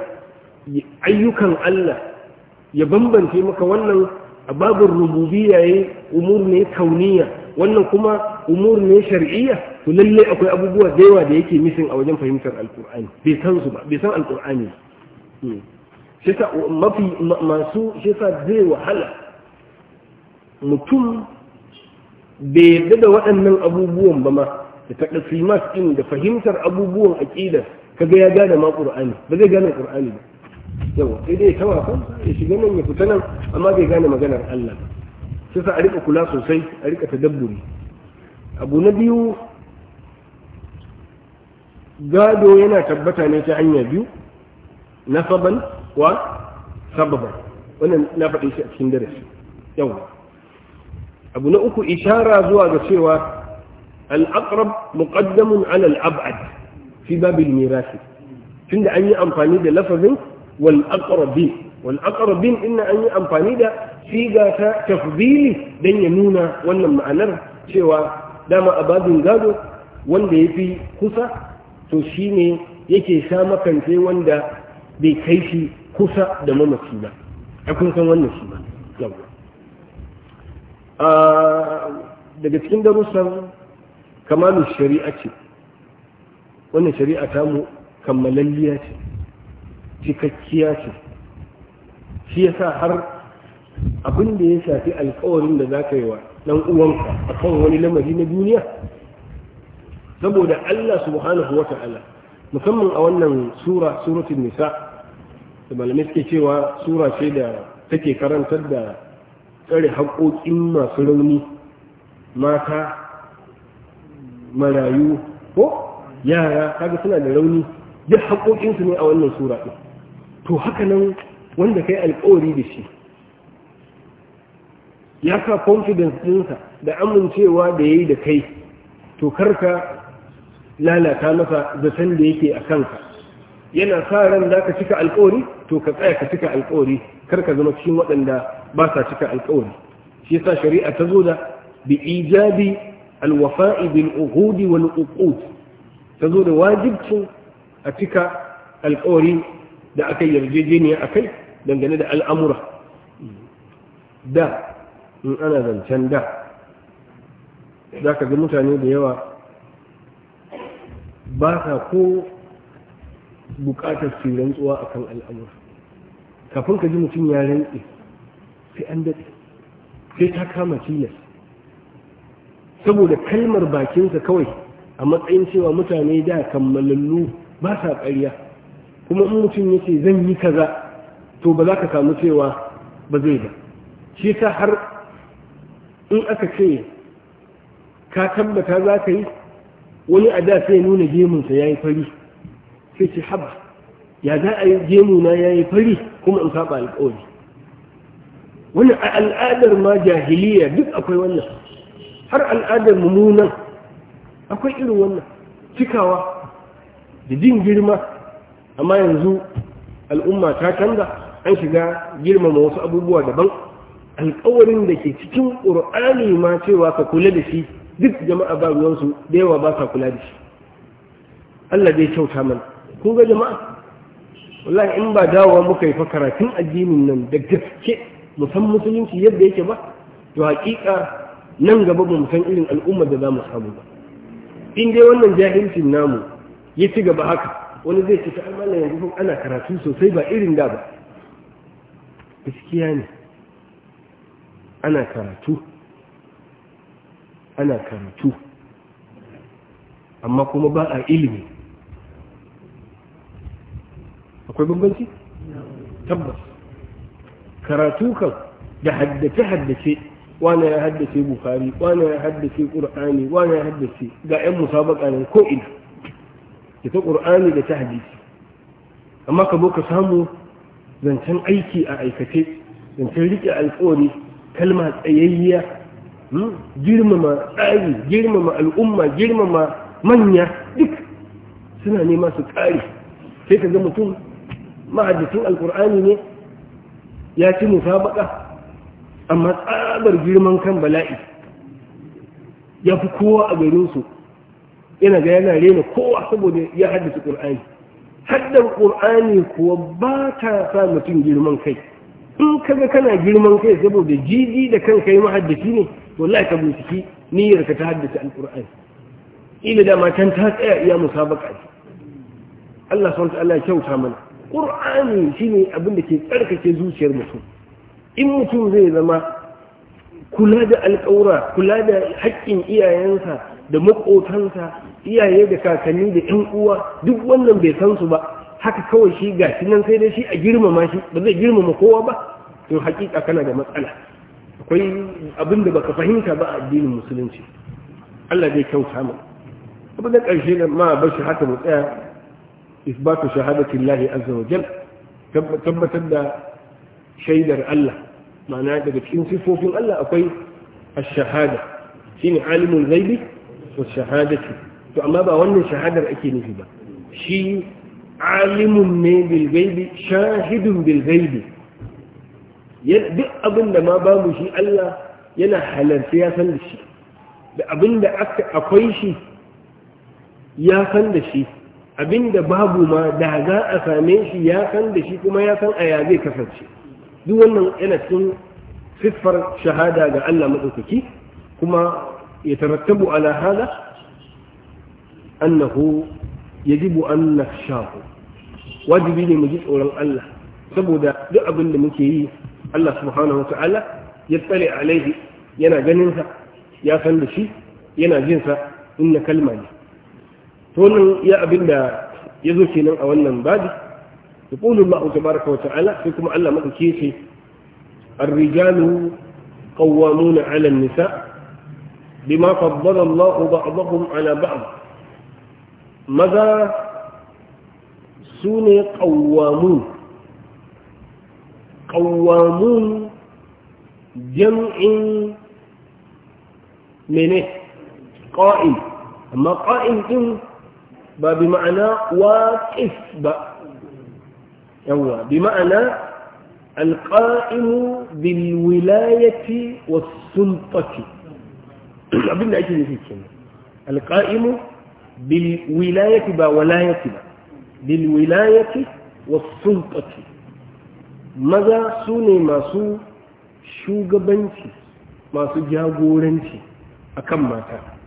ayyukan Allah ya bambance maka wannan babin rububiyya yayi umur ne kauniya wannan kuma umur ne shar'iyya to lalle akwai abubuwa da yawa da yake missing a wajen fahimtar alkur'ani bai san su ba bai san alkur'ani hmm. shi mafi masu shi sa zai wahala mutum bai yarda da waɗannan abubuwan ba ma da ta ɗafi ɗin da fahimtar abubuwan aƙida kaga ya gane ma ƙur'ani ba zai gane ƙur'ani ba yawa sai dai ta wasan ya shiga nan ya fita nan amma bai gane maganar Allah ba sai a riƙa kula sosai a rika tadabburi abu na biyu gado yana tabbata ne ta hanya biyu na saban wa sababan wannan na faɗi shi a cikin darasi yawa abu na uku ishara zuwa ga cewa al'akrab muƙaddamun alal abad fi mirasi tunda an yi amfani da lafazin wal aqrabi wal aqrabin inna an yi amfani da siga ta tafdili dan ya nuna wannan ma'anar cewa dama ababin gado wanda yafi kusa to shi ne yake sha makance wanda bai kai shi kusa da mamaci ba a kun wannan shi ba daga cikin darussan kamalu shari'a ce wannan shari'a ta mu kammalalliya ce cikakkiya ce shi yasa har abin da ya shafi alkawarin da za ka yi wa ɗan uwanka a kan wani lamari na duniya saboda Allah subhanahu wa ta'ala musamman a wannan sura suratul nisa da malamai suke cewa sura ce da take karantar da tsare haƙoƙin masu rauni mata marayu ko yara kaga suna da rauni duk haƙoƙinsu ne a wannan sura ɗin to haka nan wanda kai alƙawari da shi ya ka confidence ɗinsa da amincewa da ya yi da kai to karka lalata masa zaton da yake a kanka yana sa ran za ka cika alƙawari to ka tsaya ka cika alƙawari karka zama cikin waɗanda ba sa cika alkawari shi yasa shari'a ta zo da bi ijabi alwafa'i bil uhudi wal uqud ta zo da wajibcin a cika alkawari da aka yarjejeniya a kai dangane da al'amura da in ana zancen da za ka ga mutane da yawa ba sa ko bukatar su tsuwa akan al'amura kafin ka ji mutum ya rantsi sai an daɗe sai ta kama tilas saboda kalmar bakinsa kawai a matsayin cewa mutane da kammalallu ba sa ƙarya kuma in mutum ya ce zan yi kaza to ba za ka samu cewa ba zai ba shi ta har in aka ce ka tabbata za ka yi wani a da sai nuna gemunsa ya yi fari sai ce haba ya za a yi gemuna ya yi fari kuma in saba alƙawari wani a al'adar ma jahiliya duk akwai wannan har al'adar mummunan akwai irin wannan cikawa da jin girma amma yanzu al'umma ta canza an shiga girmama wasu abubuwa daban alkawarin da ke cikin ƙur'ani ma cewa ka kula da shi duk jama'a ba ruwansu da yawa ba sa kula da shi Allah zai kyauta mana kun ga jama'a wallahi in ba dawowa muka yi fa karatun addinin nan da gaske mu san musulunci yadda yake ba to hakika nan gaba ba mu san irin al'ummar da za mu samu ba in dai wannan jahilcin namu ya ci gaba haka wani zai ce ta amala yanzu ana karatu sosai ba irin da ba gaskiya ne ana karatu ana karatu amma kuma ba a ilimi akwai bambanci tabbas karatu kan da haddace haddace wani ya haddace bukari wani ya haddace ƙur'ani wani ya haddace ga yan musabaka ne ko ina da ta ƙur'ani da ta hadisi amma ka zo ka samu zancen aiki a aikace zancen riƙe alƙawari kalma tsayayya hmm, girmama tsari girmama al'umma girmama manya duk suna nema su ƙare sai ka ga mutum ma'adacin alƙur'ani ne ya ci musabaka amma tsabar girman kan bala'i ya fi kowa a garinsu yana ga yana rena kowa saboda ya haddasa ƙur'ani haddar ƙul'ani kuwa ba ta sa mutum girman kai in ka ga kana girman kai saboda jiji da kan kai mahaddaci ne wallahi ka binciki niyyar ka ta haddasa alƙur'ani ila da matan ta tsaya iya musabaka Allah sun ta Allah ya kyauta mana ƙur'ani shi ne abin da ke tsarkake zuciyar mutum in mutum zai zama kula da alƙaura kula da haƙƙin iyayensa da maƙotansa iyaye da kakanni da ƴan uwa duk wannan bai san su ba haka kawai shi ga shi nan sai dai shi a girmama shi ba zai girmama kowa ba to haƙiƙa kana da matsala akwai abin da baka fahimta ba a addinin musulunci Allah zai kyauta mu Abin da ƙarshe ma bashi haka mu tsaya isbatu shahadati Allah azza wa jal tabbatar da shaidar Allah ma'ana daga cikin sifofin Allah akwai ash-shahada shine alimul ghaibi wa shahadati to amma ba wannan shahadar ake nufi ba shi alimun ne bil ghaibi shahidun bil duk abinda ma babu shi Allah yana halarta ya san da shi da abin da akwai shi ya san da shi abinda babu ma da za a same shi ya san da shi kuma ya san a ya zai kasance duk wannan yana cikin siffar shahada ga Allah maɗaukaki kuma ya tarattabu ala hada annahu yajibu an nakhshahu wajibi ne mu ji tsoron Allah saboda duk abin da muke yi Allah subhanahu wa ta'ala ya tsare alaihi yana ganin sa ya san da shi yana jin sa inna kalma ne to nan ya abinda ya zo kenan a wannan babi da ƙunin ma'a wata baraka wata ala sai kuma Allah maka kece an rigamu kawamu na alan nisa bi ma fadbar Allah ba a ala ba maza su ne kawamu jam'in mene ƙa'in amma ƙa'in din ba bi ma'ana waƙif ba yawwa bi ma'ana alƙa'imu bil wilayati was sultati abin da ake nufi kenan alƙa'imu bil wilayati ba walayati ba bil wilayati was sultati maza su ne masu shugabanci masu jagoranci akan mata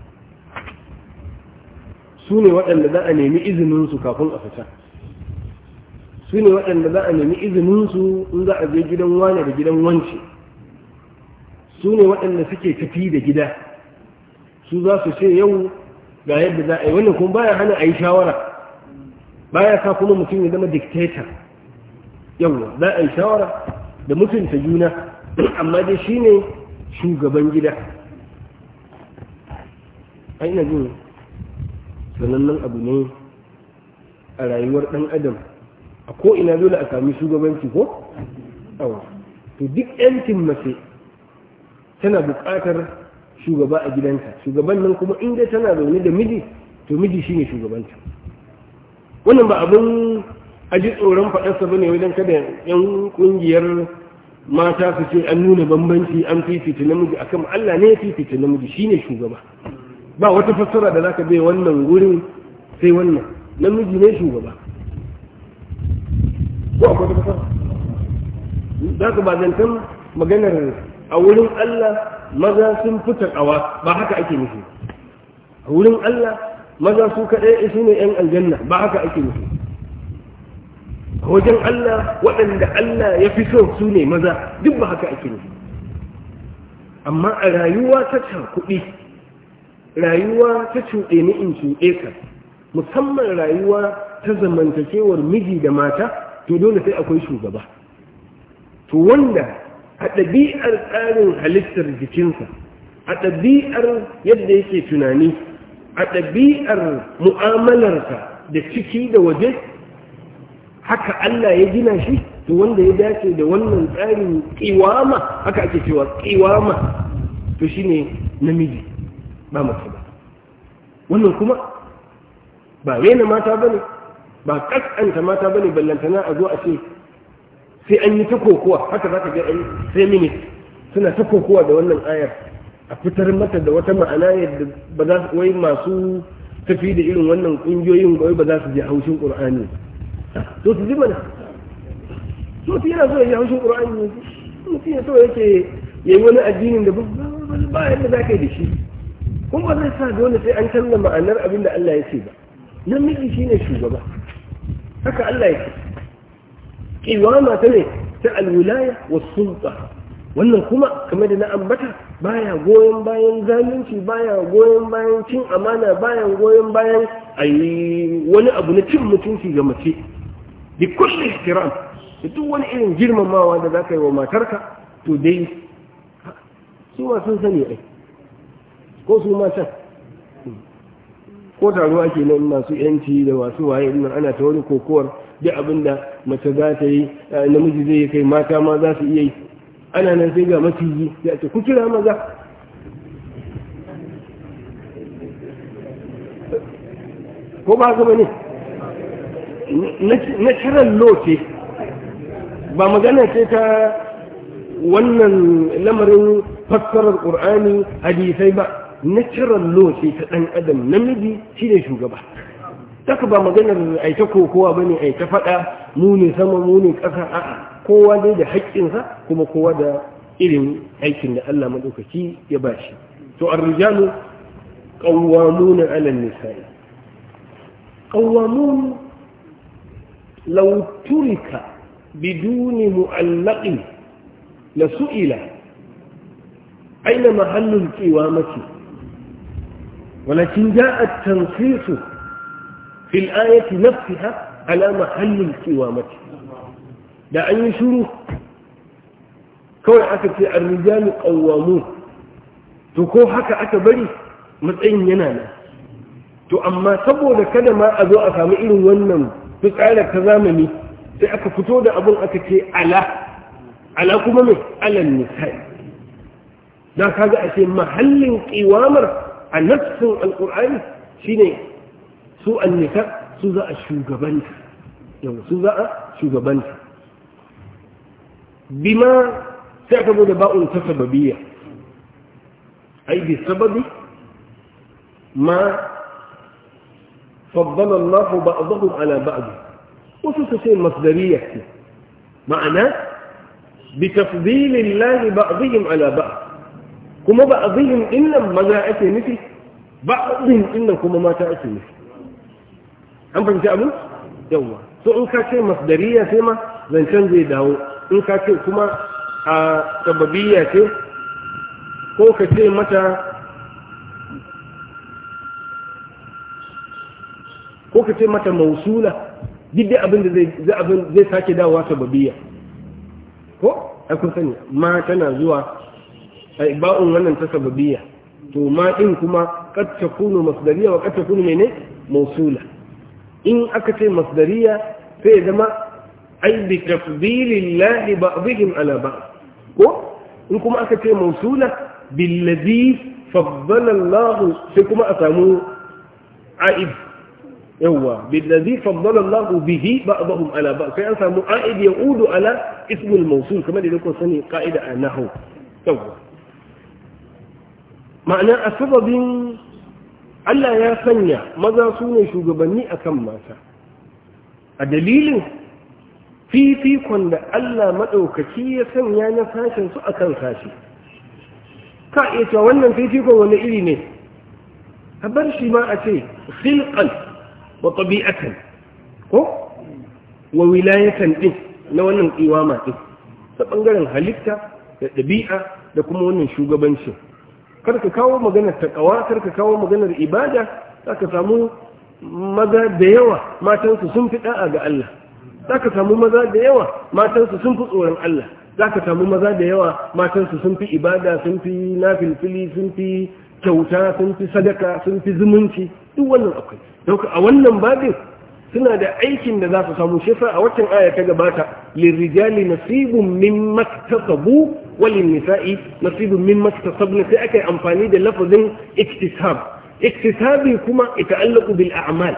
su ne waɗanda za a nemi izininsu kafin a fita su ne waɗanda za a nemi izininsu in za a je gidan wane da gidan wance su ne waɗanda suke tafi da gida su za su ce yau ga yadda za a yi wannan kuma baya hana a yi shawara baya sa kuma mutum ya zama dictator yau za a yi shawara da mutunta juna amma dai shine shugaban gida ai ina jin sanannen abu ne a rayuwar ɗan adam a ko ina dole a sami shugabanci ko awa to duk yancin mace tana buƙatar shugaba a gidanta shugaban nan kuma inda tana zaune da miji to miji shine shugabanta wannan ba abin aji tsoron faɗarsa ba ne wajen kada yan ƙungiyar mata su ce an nuna bambanci an fifita namiji akan Allah ne ya fifita namiji shine shugaba ba wata fassara da zaka bai wannan wurin sai wannan namiji ne shugaba ko akwai wata fassara za ka ba maganar a wurin Allah maza sun fi takawa ba haka ake nufi a wurin Allah maza su kaɗai su ne ‘yan aljanna ba haka ake nufi a wajen Allah waɗanda Allah ya fi so su ne maza duk ba haka ake nufi amma a rayuwa ta kuɗi rayuwa ta cuɗe ni in cuɗe ka musamman rayuwa ta zamantakewar miji da mata to dole sai akwai shugaba to wanda a ɗabi'ar tsarin halittar jikinsa a ɗabi'ar yadda yake tunani a ɗabi'ar mu'amalarsa da ciki da waje haka Allah ya gina shi to wanda ya dace da wannan tsarin kiwama haka ake cewa kiwama to shine namiji ba mace ba wannan kuma ba rena mata ba ne ba kaskanta mata ba ne ballantana a zo a ce sai an yi ta kokowa haka za ka ga an feminist suna ta kokowa da wannan ayar a fitar mata da wata ma'ana yadda ba za su wai masu tafi da irin wannan kungiyoyin wai ba za su je haushin qur'ani to su yana so ya haushin qur'ani ne mutum ya so yake yayi wani addinin da ba yadda za ka yi da shi kun ba zai sa dole sai an canza ma'anar abin da Allah ya ce ba namiji shine shugaba haka Allah ya ce kiwama ta ne ta alwilaya wa sulta wannan kuma kamar da na ambata baya goyon bayan zalunci baya goyon bayan cin amana baya goyon bayan ayi wani abu na cin mutunci ga mace bi kulli ihtiram duk wani irin girmamawa da zaka yi wa matarka to dai su ma sun sani ai ko su matan ko taro ake nan masu yanci da masu waye nan ana ta wani kokowar duk abin da mace za ta yi namiji zai yi kai mata ma za su iya yi ana nan sai ga maciji ya ce ku kira maza ko ba gaba ne na kiran lote ba magana ce ta wannan lamarin fassarar ƙur'ani hadisai ba natural law ce ta ɗan adam namiji shi ne shugaba taka ba maganar ai ta kokowa bane ai ta faɗa mu ne sama mu ne ƙasa a'a kowa dai da haƙƙinsa kuma kowa da irin aikin da Allah madaukaki ya bashi to ar-rijalu qawwamuna 'ala an-nisa'i qawwamun law turika biduni mu'allaqin la su'ila aina mahallul ولكن جاء التنصيص في الآية نفسها على محل الكوامة دعني شروف كون في الرجال قوامون تكو حكا أكبري مزعين ينانا تو أما سبوذ كان ما أذو أفامئل ونم تسعال كذامني سأك فتود أبو أكتي على على كممي على النساء ذا كذا أسي محل قوامر النفس القرآن شيني سوء النساء سوء الشوغبان يوم يعني سوء الشوغبان بما تعتبر دباء سببية أي بسبب ما فضل الله بعضهم على بعض وسوء شيء مصدرية معناه بتفضيل الله بعضهم على بعض kuma ba a zihin nan maza ake nufi ba a zihin nan kuma mata ake nufi an fahimci abin yawa so in ka ce masdariya sai ma zancen zai dawo in ka ce kuma a sababiyya ce ko ka ce mata ko ka ce mata mausula duk abin da zai zai sake dawowa sababiyya ko a kun sani ma tana zuwa ai ba'un wannan ta sababiyya to ma din kuma kad takunu masdariya wa kad takunu mene mawsula in aka ce masdariya sai zama ai bi tafdilillahi ba'dihim ala ba'd ko in kuma aka ce mawsula billazi faddala Allah sai kuma a samu aib yawa billazi faddala Allah bihi ba'dahum ala ba'd sai an samu aib udu ala ismul mawsul kamar da kuka sani qaida a nahwu yawa ma'anar a sababin Allah ya sanya maza su ne shugabanni a kan mata a dalilin fifikon da Allah maɗaukaci ya sanya na sashen su akan sashi ka iya cewa wannan fifikon wani iri ne a bar shi ma a ce silƙan wa ƙabi'atan ko wa wilayatan ɗin na wannan tsiwama masu ta ɓangaren halitta da ɗabi'a da kuma wannan shugabancin kar ka kawo maganar takawa kar ka kawo maganar ibada za ka samu maza da yawa matansu sun fi da'a ga Allah za ka samu maza da yawa matansu sun fi tsoron Allah za ka samu maza da yawa matansu sun fi ibada sun fi nafilfili sun fi kyauta sun fi sadaka sun fi zumunci duk wannan akwai dauka a wannan babin suna da aikin da za su samu shi a waccan aya ta gabata lirijali nasibun min maktasabu walin nisa'i nasibun min maktasabna sai aka yi amfani da lafazin iktisab iktisabi kuma ita'allaqu bil a'mal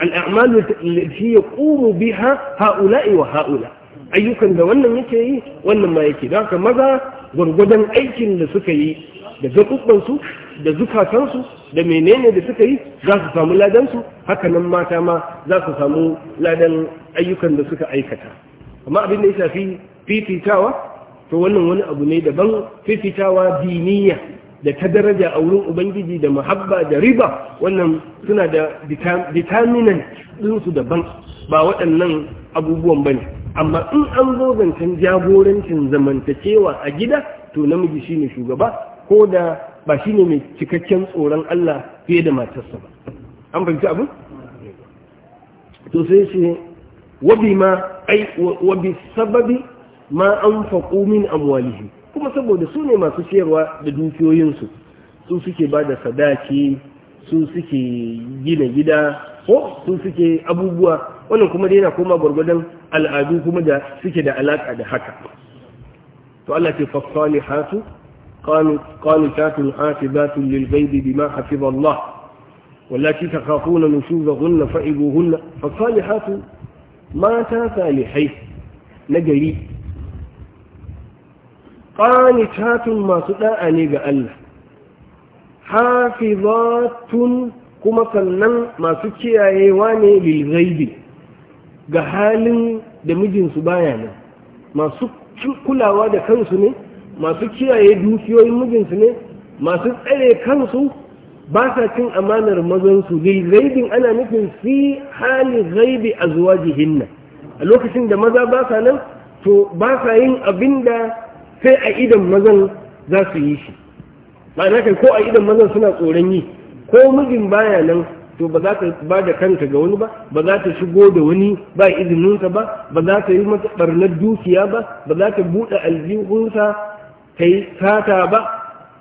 al a'mal ya yaqumu biha ha'ula wa ha'ula ayyukan da wannan yake yi wannan ma yake don haka maza gwargwadon aikin da suka yi da gaɓuɓɓansu da zukatansu da menene da suka yi za su samu ladansu haka nan mata ma za su samu ladan ayyukan da suka aikata amma abin da ya shafi fifitawa to wannan wani abu ne daban fifitawa diniya da ta daraja a wurin ubangiji da muhabba da riba wannan suna da vitaminant ɗinsu daban ba waɗannan abubuwan ba ne amma in an zo zancen jagorancin zamantakewa a gida to namiji shine shugaba ko da ba shi ne mai cikakken tsoron Allah fiye da matarsa ba an fahimci abin? to sai shi wabi ma ai wabi sababi ma an faƙo min amwalihi kuma saboda su ne masu ciyarwa da dukiyoyinsu su suke ba da sadaki su suke gina gida ko su suke abubuwa wannan kuma dai yana koma gwargwadon al'adu kuma da suke da alaƙa da haka to Allah ce fasalihatu قانتات عاتبات للغيب بما حفظ الله والتي تخافون نشوزهن فإذوهن فالصالحات ماتا صالحي نجري قانتات ما سداء نيغا الله حافظات كما سنن ما سكي ايواني للغيب جهال دمجن سبايا ما سكي كل masu كان da masu kiyaye dukiyoyin mijinsu ne masu tsare kansu ba sa cin amanar mazansu lil zaibin ana nufin fi hali zaibi a zuwa jihinna a lokacin da maza ba sa nan to ba sa yin abin da sai a idan mazan za su yi shi ma'ana kai ko a idan mazan suna tsoron yi ko mijin baya nan to ba za ta ba da kanta ga wani ba ba za ta shigo da wani ba izininsa ba ba za ta yi mata barnar dukiya ba ba za ta buɗe aljihunsa ka yi sata ba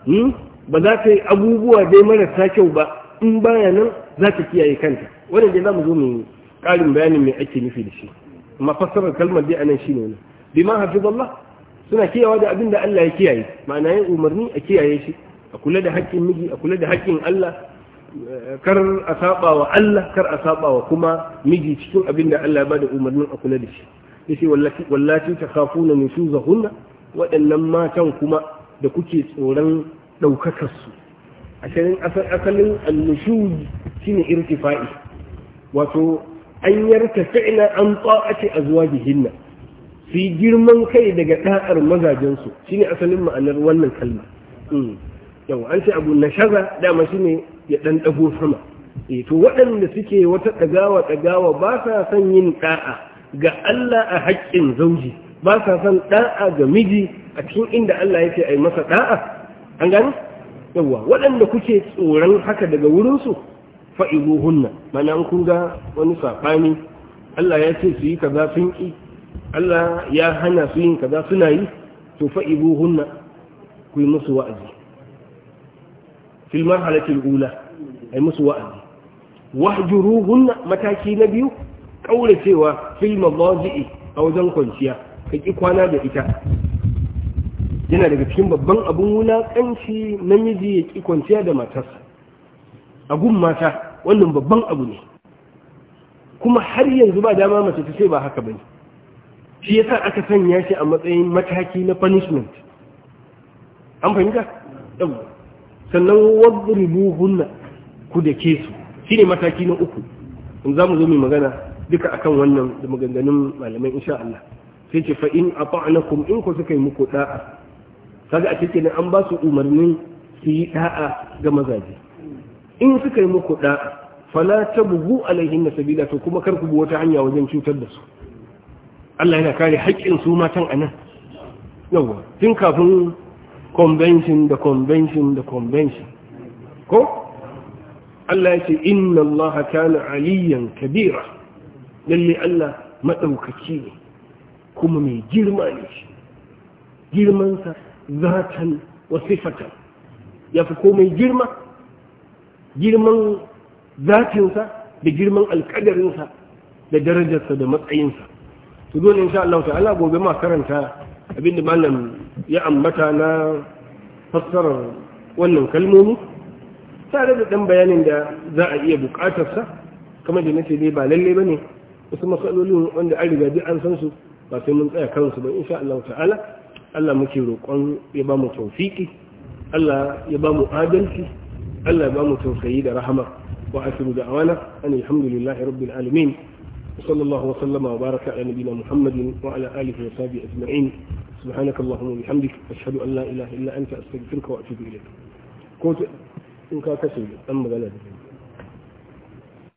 hmm? ba za ka yi abubuwa dai marasa kyau ba in baya nan za ka kiyaye kanta wannan dai za mu zo mu ƙarin bayanin mai ake nufi da shi amma fassarar kalmar dai anan shi ne hafi hafizallah suna kiyawa da abin da Allah ya kiyaye ma'ana yin umarni a kiyaye shi a kula da haƙƙin miji a kula da haƙƙin Allah kar a saba wa Allah kar a saba wa kuma miji cikin abin da Allah ya bada umarnin a kula da shi yace wallahi wallahi takhafuna nusuzahunna waɗannan matan kuma da kuke tsoron ɗaukakarsu ashirin asalin annushu shi ne irtifa'i wato an yarta fi'ina an tsa'ace a zuwa jihinna su girman kai daga ɗa'ar mazajensu shi ne asalin ma'anar wannan kalma mm. yau an ce abu na shaza dama shi ne ya ɗan ɗago sama e, to waɗanda suke wata ɗagawa ɗagawa ba sa son yin ɗa'a ga Allah a haƙƙin zauji ba sa son da'a ga miji a cikin inda Allah yake ai masa da'a an gani yawa waɗanda kuke tsoron haka daga wurinsu hunna. mana an kunga wani safani, Allah ya ce su yi kaza sun ƙi Allah ya hana su yin kaza suna yi to hunna ku yi musu wa'azi fil marhalatil ula ai musu wa'azi wahjuruhunna mataki na biyu kauracewa fil madaji'i a wajen kwanciya ka ƙi kwana da ita yana daga cikin babban abin wulaƙanci namiji ya ƙi kwanciya da matarsa gun mata wannan babban abu ne kuma har yanzu ba dama mace ta ce ba haka ba ne. shi yasa aka sanya shi a matsayin mataki na punishment an fahimta ɗan sannan wadribuhunna ku da ke su shine mataki na uku in za mu zo mai magana duka akan wannan da maganganun malamai insha Allah sai ce fa in ata'nakum in ku suka yi muku ɗa’a kaga a cikin an ba su umarnin su yi ɗa'a ga mazaje in suka yi muku da'a fala bugu alaihin sabila to kuma kar ku bi wata hanya wajen cutar da su Allah yana kare haƙƙin su matan anan yawa tun kafin convention da convention da convention ko Allah ya ce inna Allah kana aliyan kabira lalle Allah madaukaki ne kuma mai girma ne shi girmansa zatan wa ya fi komai girma girman zatinsa da girman alkadarinsa da darajarsa da matsayinsa su ne insha Allah ta'ala gobe ma karanta abinda malam ya ambata na fassarar wannan kalmomi tare da dan bayanin da za a iya bukatarsa kamar da nace dai ba lalle bane wasu matsalolin wanda an riga an san su ba sai mun tsaya kansu ba insha Allah ta'ala Allah muke roƙon ya ba mu tawfiki Allah ya ba mu adalci Allah ya ba mu tausayi da rahama wa asiru da awana an alhamdulillahi rabbil alamin wa الله وسلم وبارك على نبينا محمد وعلى آله وصحبه أجمعين سبحانك اللهم وبحمدك أشهد أن لا إله إلا أنت أستغفرك وأتوب إليك كنت إن كان كسر أما بلد